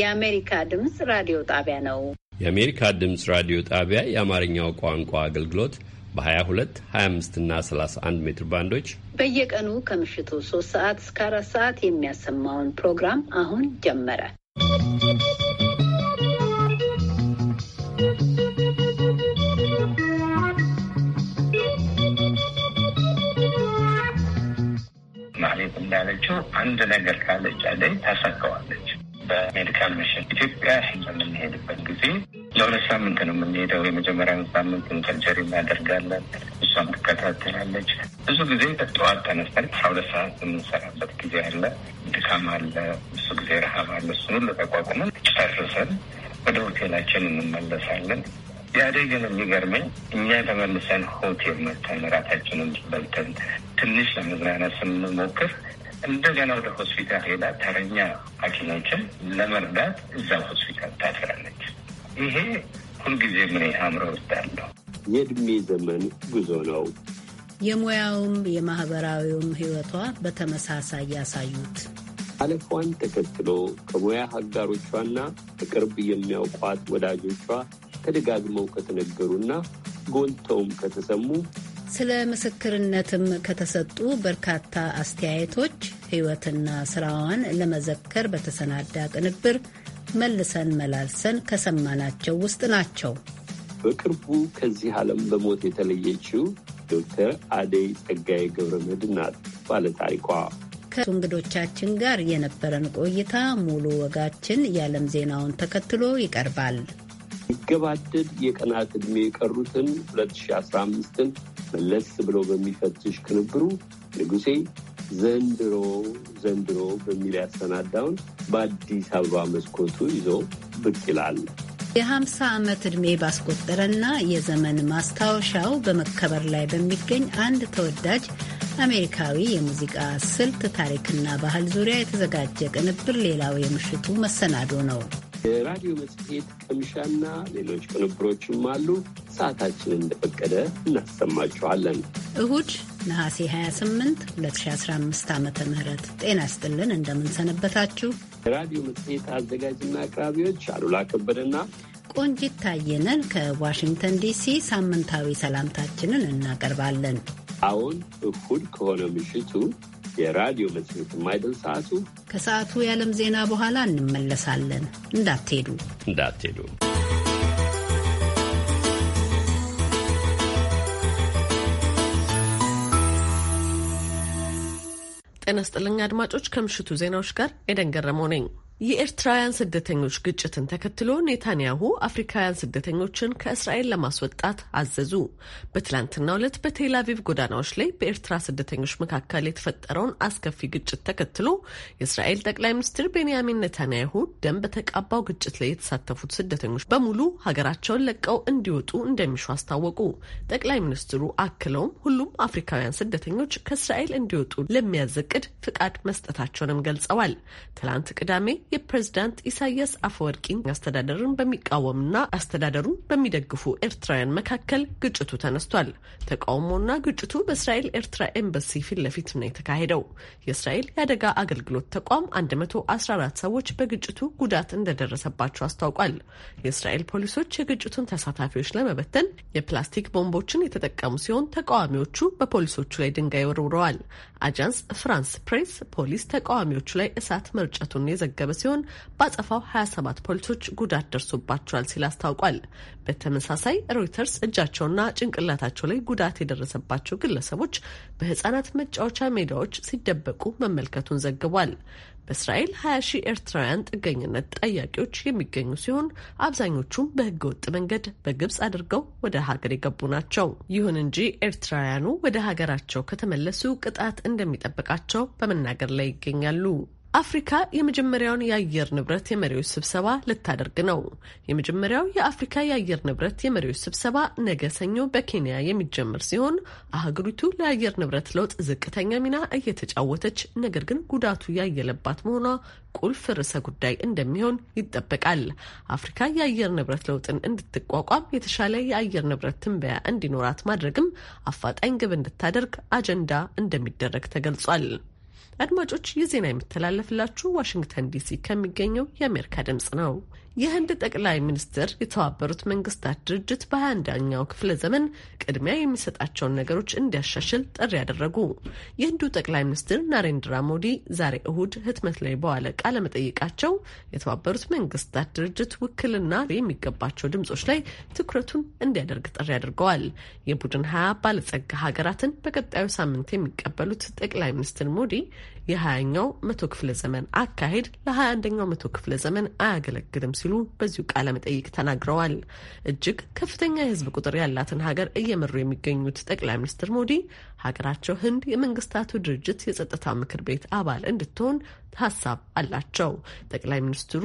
የአሜሪካ ድምፅ ራዲዮ ጣቢያ ነው። የአሜሪካ ድምፅ ራዲዮ ጣቢያ የአማርኛው ቋንቋ አገልግሎት በ22፣ 25 እና 31 ሜትር ባንዶች በየቀኑ ከምሽቱ 3 ሰዓት እስከ 4 ሰዓት የሚያሰማውን ፕሮግራም አሁን ጀመረ። ማለት እንዳለችው አንድ ነገር ካለች አለኝ ታሳካዋለች በሜዲካል ሚሽን ኢትዮጵያ በምንሄድበት ጊዜ ለሁለት ሳምንት ነው የምንሄደው። የመጀመሪያ ሳምንት ኢንከልቸሪ እናደርጋለን። እሷም ትከታተላለች። ብዙ ጊዜ ጠዋት ተነስተን አስራ ሁለት ሰዓት የምንሰራበት ጊዜ አለ። ድካም አለ፣ ብዙ ጊዜ ረሃብ አለ። እሱን ሁሉ ተቋቁመን ጨርሰን ወደ ሆቴላችን እንመለሳለን። ያደግን የሚገርመኝ እኛ ተመልሰን ሆቴል መተን እራታችንን በልተን ትንሽ ለመዝናናት ስንሞክር እንደገና ወደ ሆስፒታል ሄዳ ተረኛ ሐኪሞችን ለመርዳት እዛው ሆስፒታል ታድራለች። ይሄ ሁልጊዜ ምን አእምሮ ውስጥ አለው የእድሜ ዘመን ጉዞ ነው። የሙያውም የማህበራዊውም ህይወቷ በተመሳሳይ ያሳዩት አለፏን ተከትሎ ከሙያ አጋሮቿና በቅርብ የሚያውቋት ወዳጆቿ ተደጋግመው ከተነገሩና ጎልተውም ከተሰሙ ስለ ምስክርነትም ከተሰጡ በርካታ አስተያየቶች ሕይወትና ስራዋን ለመዘከር በተሰናዳ ቅንብር መልሰን መላልሰን ከሰማናቸው ውስጥ ናቸው። በቅርቡ ከዚህ ዓለም በሞት የተለየችው ዶክተር አደይ ጸጋዬ ገብረ መድኅን ናት ባለ ታሪኳ። ከእንግዶቻችን ጋር የነበረን ቆይታ ሙሉ ወጋችን የዓለም ዜናውን ተከትሎ ይቀርባል። ይገባደድ የቀናት ዕድሜ የቀሩትን 2015ን መለስ ብሎ በሚፈትሽ ቅንብሩ ንጉሴ ዘንድሮ ዘንድሮ በሚል ያሰናዳውን በአዲስ አበባ መስኮቱ ይዞ ብቅ ይላል። የ50 ዓመት ዕድሜ ባስቆጠረና የዘመን ማስታወሻው በመከበር ላይ በሚገኝ አንድ ተወዳጅ አሜሪካዊ የሙዚቃ ስልት ታሪክና ባህል ዙሪያ የተዘጋጀ ቅንብር ሌላው የምሽቱ መሰናዶ ነው። የራዲዮ መጽሔት ቅምሻና ሌሎች ቅንብሮችም አሉ። ሰዓታችንን እንደፈቀደ እናሰማችኋለን። እሁድ ነሐሴ 28 2015 ዓ ም ጤና ይስጥልን። እንደምንሰነበታችሁ የራዲዮ መጽሔት አዘጋጅና አቅራቢዎች አሉላ ከበደና ቆንጂት ታየነን ከዋሽንግተን ዲሲ ሳምንታዊ ሰላምታችንን እናቀርባለን። አሁን እሁድ ከሆነ ምሽቱ የራዲዮ መጽሔት የማይደል ሰዓቱ ከሰዓቱ የዓለም ዜና በኋላ እንመለሳለን። እንዳትሄዱ እንዳትሄዱ። ጤና ይስጥልኝ አድማጮች፣ ከምሽቱ ዜናዎች ጋር ኤደን ገረመው ነኝ። የኤርትራውያን ስደተኞች ግጭትን ተከትሎ ኔታንያሁ አፍሪካውያን ስደተኞችን ከእስራኤል ለማስወጣት አዘዙ። በትላንትናው ዕለት በቴላቪቭ ጎዳናዎች ላይ በኤርትራ ስደተኞች መካከል የተፈጠረውን አስከፊ ግጭት ተከትሎ የእስራኤል ጠቅላይ ሚኒስትር ቤንያሚን ኔታንያሁ ደም በተቃባው ግጭት ላይ የተሳተፉት ስደተኞች በሙሉ ሀገራቸውን ለቀው እንዲወጡ እንደሚሹ አስታወቁ። ጠቅላይ ሚኒስትሩ አክለውም ሁሉም አፍሪካውያን ስደተኞች ከእስራኤል እንዲወጡ ለሚያዘቅድ ፍቃድ መስጠታቸውንም ገልጸዋል። ትላንት ቅዳሜ የፕሬዝዳንት ኢሳያስ አፈወርቂን አስተዳደርን በሚቃወምና አስተዳደሩን በሚደግፉ ኤርትራውያን መካከል ግጭቱ ተነስቷል። ተቃውሞና ግጭቱ በእስራኤል ኤርትራ ኤምባሲ ፊት ለፊት ነው የተካሄደው። የእስራኤል የአደጋ አገልግሎት ተቋም 114 ሰዎች በግጭቱ ጉዳት እንደደረሰባቸው አስታውቋል። የእስራኤል ፖሊሶች የግጭቱን ተሳታፊዎች ለመበተን የፕላስቲክ ቦምቦችን የተጠቀሙ ሲሆን ተቃዋሚዎቹ በፖሊሶቹ ላይ ድንጋይ ወርውረዋል። አጃንስ ፍራንስ ፕሬስ ፖሊስ ተቃዋሚዎቹ ላይ እሳት መርጨቱን የዘገበ ሲሆን በአጸፋው 27 ፖሊሶች ጉዳት ደርሶባቸዋል ሲል አስታውቋል። በተመሳሳይ ሮይተርስ እጃቸውና ጭንቅላታቸው ላይ ጉዳት የደረሰባቸው ግለሰቦች በህጻናት መጫወቻ ሜዳዎች ሲደበቁ መመልከቱን ዘግቧል። በእስራኤል 20 ሺህ ኤርትራውያን ጥገኝነት ጠያቂዎች የሚገኙ ሲሆን አብዛኞቹም በህገ ወጥ መንገድ በግብፅ አድርገው ወደ ሀገር የገቡ ናቸው። ይሁን እንጂ ኤርትራውያኑ ወደ ሀገራቸው ከተመለሱ ቅጣት እንደሚጠብቃቸው በመናገር ላይ ይገኛሉ። አፍሪካ የመጀመሪያውን የአየር ንብረት የመሪዎች ስብሰባ ልታደርግ ነው። የመጀመሪያው የአፍሪካ የአየር ንብረት የመሪዎች ስብሰባ ነገ ሰኞ በኬንያ የሚጀምር ሲሆን አህጉሪቱ ለአየር ንብረት ለውጥ ዝቅተኛ ሚና እየተጫወተች ነገር ግን ጉዳቱ ያየለባት መሆኗ ቁልፍ ርዕሰ ጉዳይ እንደሚሆን ይጠበቃል። አፍሪካ የአየር ንብረት ለውጥን እንድትቋቋም የተሻለ የአየር ንብረት ትንበያ እንዲኖራት ማድረግም አፋጣኝ ግብ እንድታደርግ አጀንዳ እንደሚደረግ ተገልጿል። አድማጮች ይህ ዜና የሚተላለፍላችሁ ዋሽንግተን ዲሲ ከሚገኘው የአሜሪካ ድምጽ ነው። የህንድ ጠቅላይ ሚኒስትር የተባበሩት መንግስታት ድርጅት በሃያ አንደኛው ክፍለ ዘመን ቅድሚያ የሚሰጣቸውን ነገሮች እንዲያሻሽል ጥሪ ያደረጉ የህንዱ ጠቅላይ ሚኒስትር ናሬንድራ ሞዲ ዛሬ እሁድ ህትመት ላይ በዋለ ቃለ መጠይቃቸው የተባበሩት መንግስታት ድርጅት ውክልና የሚገባቸው ድምጾች ላይ ትኩረቱን እንዲያደርግ ጥሪ አድርገዋል። የቡድን ሀያ ባለጸጋ ሀገራትን በቀጣዩ ሳምንት የሚቀበሉት ጠቅላይ ሚኒስትር ሞዲ የሀያኛው መቶ ክፍለ ዘመን አካሄድ ለሀያ አንደኛው መቶ ክፍለ ዘመን አያገለግልም ሲሉ በዚሁ ቃለ መጠይቅ ተናግረዋል። እጅግ ከፍተኛ የህዝብ ቁጥር ያላትን ሀገር እየመሩ የሚገኙት ጠቅላይ ሚኒስትር ሞዲ ሀገራቸው ህንድ የመንግስታቱ ድርጅት የጸጥታ ምክር ቤት አባል እንድትሆን ሀሳብ አላቸው። ጠቅላይ ሚኒስትሩ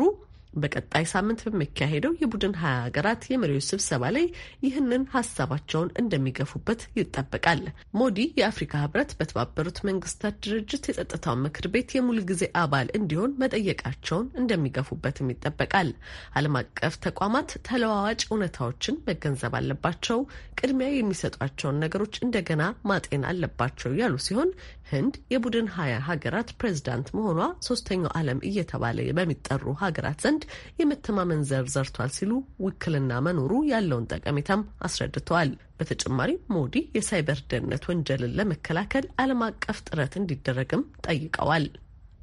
በቀጣይ ሳምንት በሚካሄደው የቡድን ሀያ ሀገራት የመሪዎች ስብሰባ ላይ ይህንን ሀሳባቸውን እንደሚገፉበት ይጠበቃል። ሞዲ የአፍሪካ ህብረት በተባበሩት መንግስታት ድርጅት የጸጥታው ምክር ቤት የሙሉ ጊዜ አባል እንዲሆን መጠየቃቸውን እንደሚገፉበትም ይጠበቃል። ዓለም አቀፍ ተቋማት ተለዋዋጭ እውነታዎችን መገንዘብ አለባቸው፣ ቅድሚያ የሚሰጧቸውን ነገሮች እንደገና ማጤን አለባቸው ያሉ ሲሆን ህንድ የቡድን ሀያ ሀገራት ፕሬዚዳንት መሆኗ ሶስተኛው ዓለም እየተባለ በሚጠሩ ሀገራት ዘንድ የመተማመን ዘር ዘርቷል ሲሉ ውክልና መኖሩ ያለውን ጠቀሜታም አስረድተዋል። በተጨማሪም ሞዲ የሳይበር ደህንነት ወንጀልን ለመከላከል ዓለም አቀፍ ጥረት እንዲደረግም ጠይቀዋል።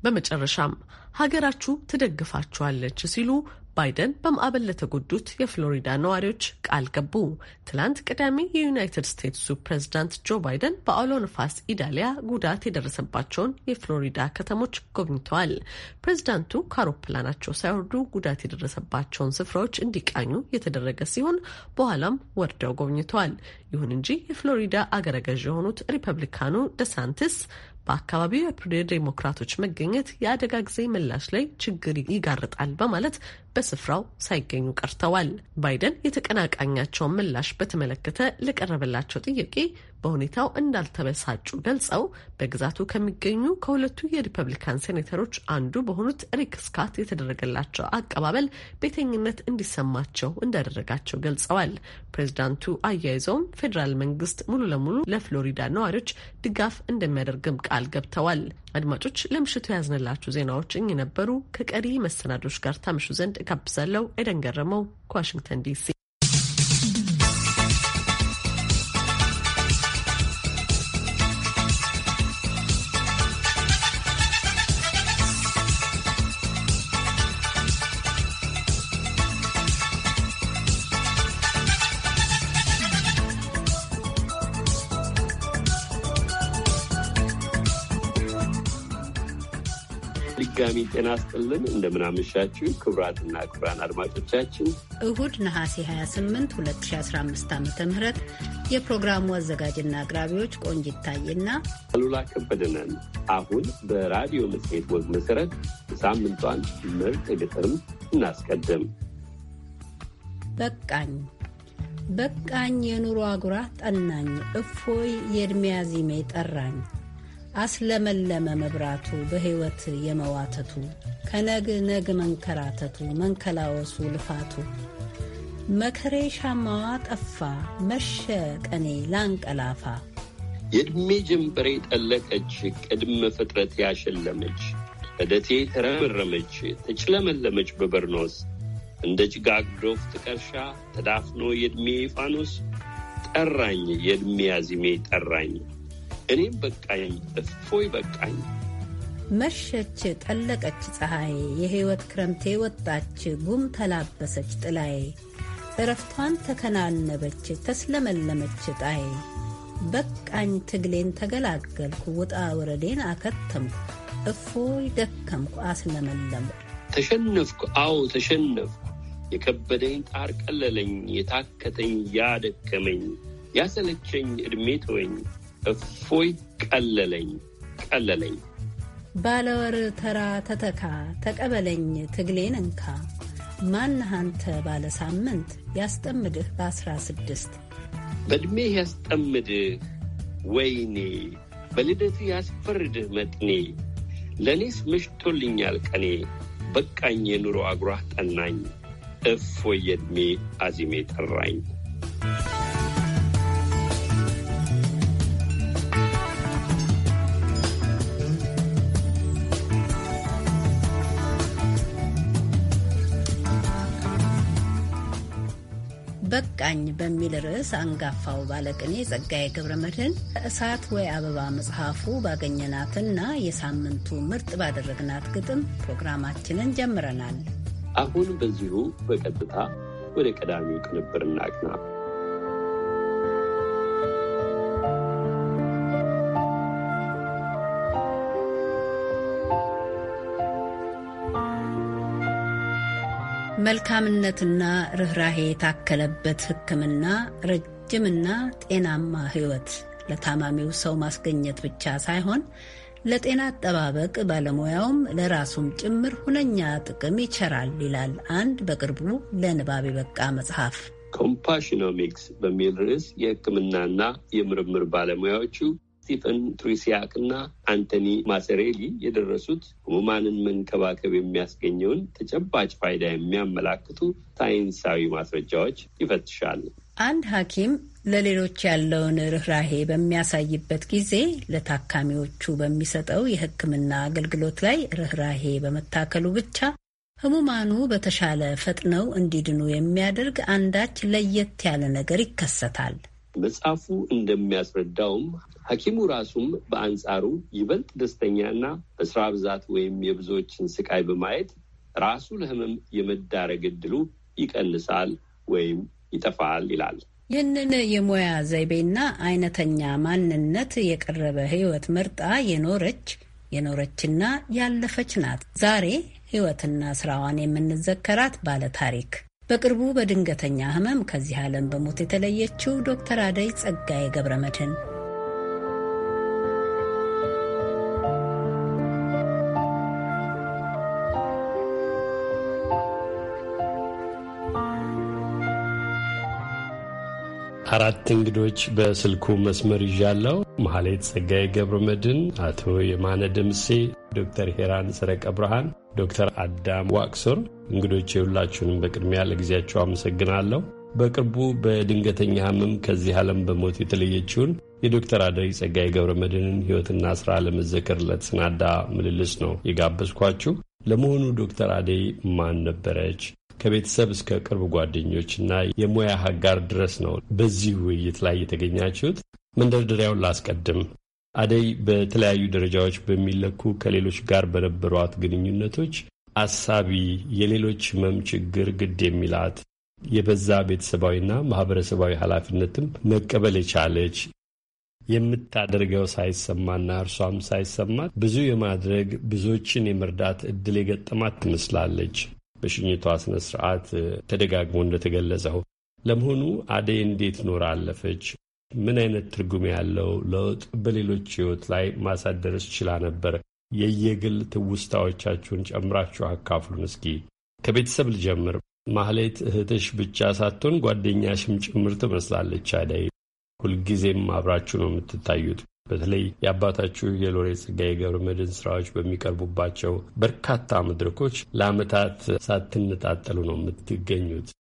በመጨረሻም ሀገራችሁ ትደግፋችኋለች ሲሉ ባይደን በማዕበል ለተጎዱት የፍሎሪዳ ነዋሪዎች ቃል ገቡ። ትላንት ቅዳሜ የዩናይትድ ስቴትሱ ፕሬዝዳንት ጆ ባይደን በአውሎ ነፋስ ኢዳሊያ ጉዳት የደረሰባቸውን የፍሎሪዳ ከተሞች ጎብኝተዋል። ፕሬዝዳንቱ ከአውሮፕላናቸው ሳይወርዱ ጉዳት የደረሰባቸውን ስፍራዎች እንዲቃኙ የተደረገ ሲሆን በኋላም ወርደው ጎብኝተዋል። ይሁን እንጂ የፍሎሪዳ አገረ ገዥ የሆኑት ሪፐብሊካኑ ደሳንትስ በአካባቢው ዴሞክራቶች መገኘት የአደጋ ጊዜ ምላሽ ላይ ችግር ይጋርጣል በማለት በስፍራው ሳይገኙ ቀርተዋል። ባይደን የተቀናቃኛቸውን ምላሽ በተመለከተ ለቀረበላቸው ጥያቄ በሁኔታው እንዳልተበሳጩ ገልጸው በግዛቱ ከሚገኙ ከሁለቱ የሪፐብሊካን ሴኔተሮች አንዱ በሆኑት ሪክ ስካት የተደረገላቸው አቀባበል ቤተኝነት እንዲሰማቸው እንዳደረጋቸው ገልጸዋል። ፕሬዚዳንቱ አያይዘውም ፌዴራል መንግስት ሙሉ ለሙሉ ለፍሎሪዳ ነዋሪዎች ድጋፍ እንደሚያደርግም ቃል ገብተዋል። አድማጮች ለምሽቱ የያዝንላችሁ ዜናዎች እኚህ ነበሩ። ከቀሪ መሰናዶች ጋር ታምሹ ዘንድ እጋብዛለሁ። ኤደን ገረመው ከዋሽንግተን ዲሲ በድጋሚ ጤና ስጥልን እንደምናመሻችሁ ክቡራትና ክቡራን አድማጮቻችን እሁድ ነሐሴ 28 2015 ዓ ም የፕሮግራሙ አዘጋጅና አቅራቢዎች ቆንጅ ይታይና አሉላ ከበደነን። አሁን በራዲዮ መጽሔት ወግ መሠረት ሳምንቷን ምርጥ ግጥም እናስቀድም። በቃኝ በቃኝ የኑሮ አጉራ ጠናኝ እፎይ የእድሜ አዚሜ ጠራኝ አስለመለመ መብራቱ በሕይወት የመዋተቱ ከነግ ነግ መንከራተቱ መንከላወሱ ልፋቱ መከሬ ሻማዋ ጠፋ መሸ ቀኔ ላንቀላፋ የዕድሜ ጀንበሬ ጠለቀች ቅድመ ፍጥረት ያሸለመች ዕደቴ ተረመረመች ተጭለመለመች በበርኖስ እንደ ጭጋግ ዶፍ ትቀርሻ ተዳፍኖ የዕድሜ ፋኖስ ጠራኝ የዕድሜ አዚሜ ጠራኝ እኔም በቃኝ፣ እፎይ በቃኝ። መሸች ጠለቀች ፀሐይ፣ የህይወት ክረምቴ ወጣች፣ ጉም ተላበሰች ጥላዬ፣ እረፍቷን ተከናነበች፣ ተስለመለመች ጣዬ። በቃኝ ትግሌን ተገላገልኩ፣ ውጣ ወረዴን አከተምኩ፣ እፎይ ደከምኩ፣ አስለመለም ተሸነፍኩ፣ አዎ ተሸነፍኩ፣ የከበደኝ ጣር ቀለለኝ፣ የታከተኝ ያደከመኝ፣ ያሰለቸኝ ዕድሜ ተወኝ እፎይ ቀለለኝ ቀለለኝ ባለወር ተራ ተተካ ተቀበለኝ ትግሌን እንካ አንተ ባለ ሳምንት ያስጠምድህ በአስራ ስድስት በእድሜህ ያስጠምድህ ወይኔ በልደትህ ያስፈርድህ መጥኔ ለእኔስ ምሽቶልኛል ቀኔ በቃኝ የኑሮ አጉራህ ጠናኝ እፎ የዕድሜ አዚሜ ጠራኝ በቃኝ በሚል ርዕስ አንጋፋው ባለቅኔ ጸጋዬ ገብረ መድህን እሳት ወይ አበባ መጽሐፉ ባገኘናትና የሳምንቱ ምርጥ ባደረግናት ግጥም ፕሮግራማችንን ጀምረናል። አሁን በዚሁ በቀጥታ ወደ ቀዳሚው ቅንብር እናቅና። መልካምነትና ርኅራሄ የታከለበት ሕክምና ረጅምና ጤናማ ሕይወት ለታማሚው ሰው ማስገኘት ብቻ ሳይሆን ለጤና አጠባበቅ ባለሙያውም ለራሱም ጭምር ሁነኛ ጥቅም ይቸራል ይላል አንድ በቅርቡ ለንባብ የበቃ መጽሐፍ። ኮምፓሽኖሚክስ በሚል ርዕስ የሕክምናና የምርምር ባለሙያዎቹ ስቲፈን ትሪሲያክ እና አንቶኒ ማሰሬሊ የደረሱት ህሙማንን መንከባከብ የሚያስገኘውን ተጨባጭ ፋይዳ የሚያመላክቱ ሳይንሳዊ ማስረጃዎች ይፈትሻል። አንድ ሐኪም ለሌሎች ያለውን ርኅራሄ በሚያሳይበት ጊዜ ለታካሚዎቹ በሚሰጠው የሕክምና አገልግሎት ላይ ርኅራሄ በመታከሉ ብቻ ህሙማኑ በተሻለ ፈጥነው እንዲድኑ የሚያደርግ አንዳች ለየት ያለ ነገር ይከሰታል። መጽሐፉ እንደሚያስረዳውም ሐኪሙ ራሱም በአንጻሩ ይበልጥ ደስተኛና በስራ ብዛት ወይም የብዙዎችን ስቃይ በማየት ራሱ ለህመም የመዳረግ እድሉ ይቀንሳል ወይም ይጠፋል ይላል። ይህንን የሙያ ዘይቤና አይነተኛ ማንነት የቀረበ ህይወት መርጣ የኖረች የኖረችና ያለፈች ናት። ዛሬ ህይወትና ስራዋን የምንዘከራት ባለ ታሪክ በቅርቡ በድንገተኛ ህመም ከዚህ ዓለም በሞት የተለየችው ዶክተር አደይ ጸጋዬ ገብረ መድህን አራት እንግዶች በስልኩ መስመር ይዣለው። መሐሌት ጸጋዬ ገብረ መድን፣ አቶ የማነ ደምሴ፣ ዶክተር ሄራን ሰረቀ ብርሃን፣ ዶክተር አዳም ዋቅሶር እንግዶች የሁላችሁንም በቅድሚያ ለጊዜያቸው አመሰግናለሁ። በቅርቡ በድንገተኛ ህመም ከዚህ ዓለም በሞት የተለየችውን የዶክተር አደይ ጸጋዬ ገብረ መድህንን ህይወትና ስራ ለመዘከር ለተሰናዳ ምልልስ ነው የጋበዝኳችሁ። ለመሆኑ ዶክተር አደይ ማን ነበረች? ከቤተሰብ እስከ ቅርብ ጓደኞችና የሙያ አጋር ድረስ ነው በዚህ ውይይት ላይ የተገኛችሁት። መንደርደሪያውን ላስቀድም። አደይ በተለያዩ ደረጃዎች በሚለኩ ከሌሎች ጋር በነበሯት ግንኙነቶች አሳቢ፣ የሌሎች ህመም ችግር ግድ የሚላት የበዛ ቤተሰባዊና ማህበረሰባዊ ኃላፊነትም መቀበል የቻለች የምታደርገው ሳይሰማና እርሷም ሳይሰማት ብዙ የማድረግ ብዙዎችን የመርዳት እድል የገጠማት ትመስላለች። በሽኝቷ ስነ ስርዓት ተደጋግሞ እንደተገለጸው ለመሆኑ አደይ እንዴት ኖራ አለፈች? ምን አይነት ትርጉም ያለው ለውጥ በሌሎች ህይወት ላይ ማሳደርስ ችላ ነበር? የየግል ትውስታዎቻችሁን ጨምራችሁ አካፍሉን። እስኪ ከቤተሰብ ልጀምር። ማህሌት እህትሽ ብቻ ሳትሆን ጓደኛሽም ጭምር ትመስላለች። አዳይ ሁልጊዜም አብራችሁ ነው የምትታዩት። በተለይ የአባታችሁ የሎሬ ጸጋዬ ገብረ መድኅን ስራዎች በሚቀርቡባቸው በርካታ መድረኮች ለአመታት ሳትነጣጠሉ ነው የምትገኙት።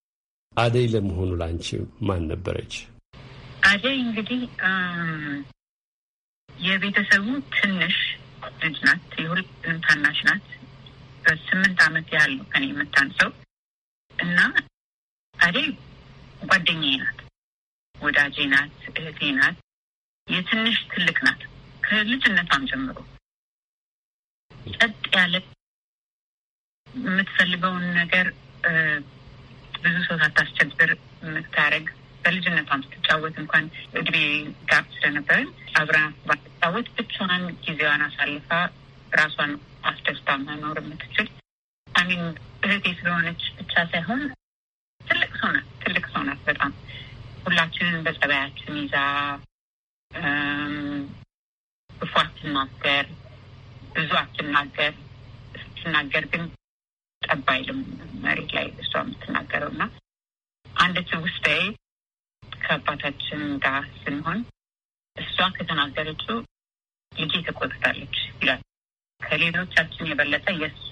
አደይ ለመሆኑ ለአንቺ ማን ነበረች? አደይ እንግዲህ የቤተሰቡ ትንሽ ልጅ ናት። የሁላችንም ታናሽ ናት። በስምንት አመት ያህል ነው ከኔ የምታንሰው እና አዴ ጓደኛዬ ናት፣ ወዳጄ ናት፣ እህቴ ናት። የትንሽ ትልቅ ናት። ከልጅነቷም ጀምሮ ጸጥ ያለ የምትፈልገውን ነገር ብዙ ሰው ሳታስቸግር የምታደርግ በልጅነት ስትጫወት እንኳን እድሜ ጋር ስለነበረን አብራ ባትጫወት ብቻዋን ጊዜዋን አሳልፋ ራሷን አስደስታ መኖር የምትችል አሚን እህቴ ስለሆነች ብቻ ሳይሆን ትልቅ ሰው ናት። ትልቅ ሰው ናት። በጣም ሁላችንን በጸባያችን ይዛ ክፉ አትናገር፣ ብዙ አትናገር። ስትናገር ግን ጠባይልም መሬት ላይ እሷ የምትናገረው እና አንድ ትውስታዬ ከአባታችን ጋር ስንሆን እሷ ከተናገረችው ልጄ ተቆጥታለች ይላል። ከሌሎቻችን የበለጠ የእሷ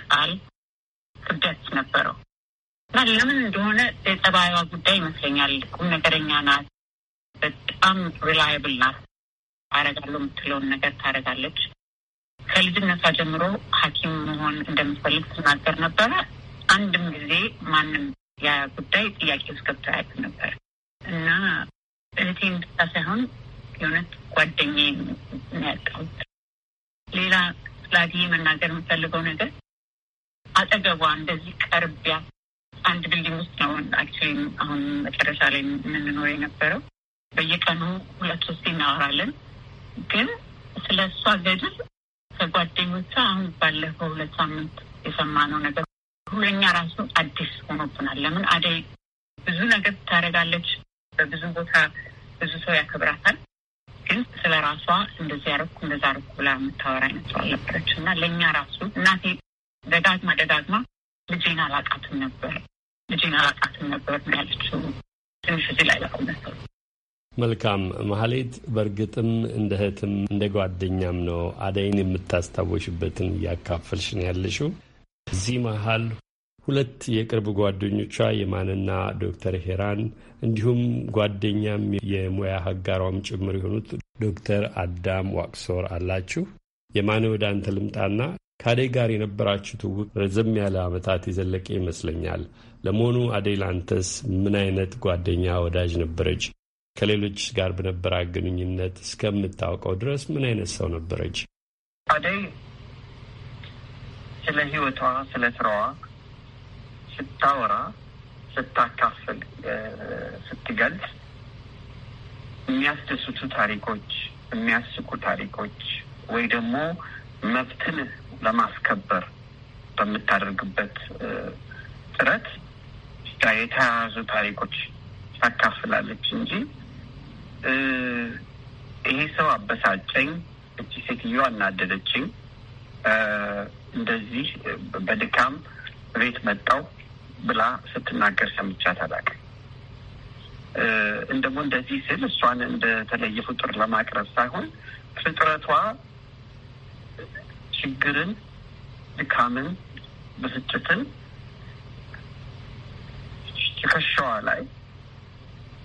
ቃል ክብደት ነበረው እና ለምን እንደሆነ የጸባይዋ ጉዳይ ይመስለኛል። ቁም ነገረኛ ናት። በጣም ሪላያብል ናት። አረጋለሁ የምትለውን ነገር ታደርጋለች። ከልጅነቷ ጀምሮ ሐኪም መሆን እንደምትፈልግ ትናገር ነበረ። አንድም ጊዜ ማንም ያ ጉዳይ ጥያቄ ውስጥ ገብቶ አያውቅም ነበር። እና እህቴን ብቻ ሳይሆን የእውነት ጓደኛ ያጣሁት። ሌላ ስላዲዬ መናገር የምፈልገው ነገር አጠገቧ እንደዚህ ቀርቢያ አንድ ድልድይ ውስጥ ነው አክቹዋሊ አሁን መጨረሻ ላይ የምንኖር የነበረው። በየቀኑ ሁለት ሶስት እናወራለን፣ ግን ስለ እሷ ገድል ከጓደኞቿ አሁን ባለፈው ሁለት ሳምንት የሰማነው ነገር ሁለኛ ራሱ አዲስ ሆኖብናል። ለምን አደይ ብዙ ነገር ታደርጋለች፣ በብዙ ቦታ ብዙ ሰው ያከብራታል። ግን ስለ ራሷ እንደዚህ አረኩ እንደዚ አረኩ ብላ የምታወራ አይነት ሰው አልነበረች እና ለእኛ ራሱ እናቴ ደጋግማ ደጋግማ ልጄን አላቃትም ነበር ልጄን አላቃትም ነበር ነው ያለችው ትንሽ እዚህ ላይ ላቁመሰው መልካም መሀሌት፣ በእርግጥም እንደ እህትም እንደ ጓደኛም ነው አደይን የምታስታወሽበትን እያካፈልሽ ነው ያለሽው። እዚህ መሀል ሁለት የቅርብ ጓደኞቿ የማንና ዶክተር ሄራን እንዲሁም ጓደኛም የሙያ ሀጋሯም ጭምር የሆኑት ዶክተር አዳም ዋቅሶር አላችሁ። የማን ወደ አንተ ልምጣና ከአደይ ጋር የነበራችሁ ትውውቅ ረዘም ያለ ዓመታት የዘለቀ ይመስለኛል። ለመሆኑ አደይ ላንተስ ምን አይነት ጓደኛ ወዳጅ ነበረች? ከሌሎች ጋር በነበራ ግንኙነት እስከምታውቀው ድረስ ምን አይነት ሰው ነበረች አደይ? ስለ ሕይወቷ ስለ ስራዋ ስታወራ፣ ስታካፍል፣ ስትገልጽ የሚያስደስቱ ታሪኮች፣ የሚያስቁ ታሪኮች ወይ ደግሞ መብትን ለማስከበር በምታደርግበት ጥረት የተያያዙ ታሪኮች ታካፍላለች እንጂ ይሄ ሰው አበሳጨኝ፣ እቺ ሴትዮ አናደደችኝ፣ እንደዚህ በድካም ቤት መጣው ብላ ስትናገር ሰምቻት አላውቅም። እንደሞ እንደዚህ ስል እሷን እንደተለየ ፍጡር ለማቅረብ ሳይሆን ፍጥረቷ ችግርን፣ ድካምን፣ ብስጭትን ትከሻዋ ላይ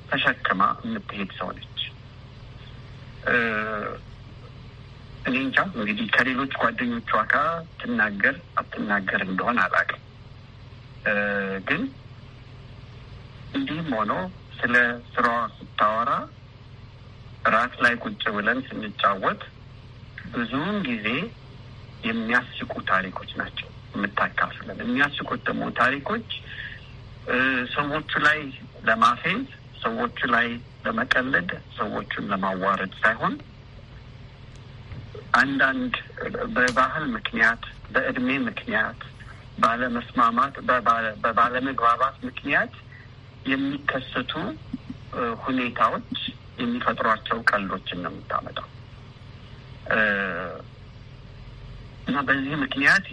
ተሸክማ የምትሄድ ሰው ነች። እኔ እንጃ እንግዲህ ከሌሎች ጓደኞቿ ጋር ትናገር አትናገር እንደሆን አላውቅም። ግን እንዲህም ሆኖ ስለ ስራዋ ስታወራ ራት ላይ ቁጭ ብለን ስንጫወት ብዙውን ጊዜ የሚያስቁ ታሪኮች ናቸው የምታካፍለን። የሚያስቁት ደግሞ ታሪኮች ሰዎቹ ላይ ለማፌዝ፣ ሰዎቹ ላይ ለመቀለድ፣ ሰዎቹን ለማዋረድ ሳይሆን አንዳንድ በባህል ምክንያት፣ በእድሜ ምክንያት፣ ባለመስማማት፣ በባለመግባባት ምክንያት የሚከሰቱ ሁኔታዎች የሚፈጥሯቸው ቀልዶችን ነው የምታመጣው እና በዚህ ምክንያት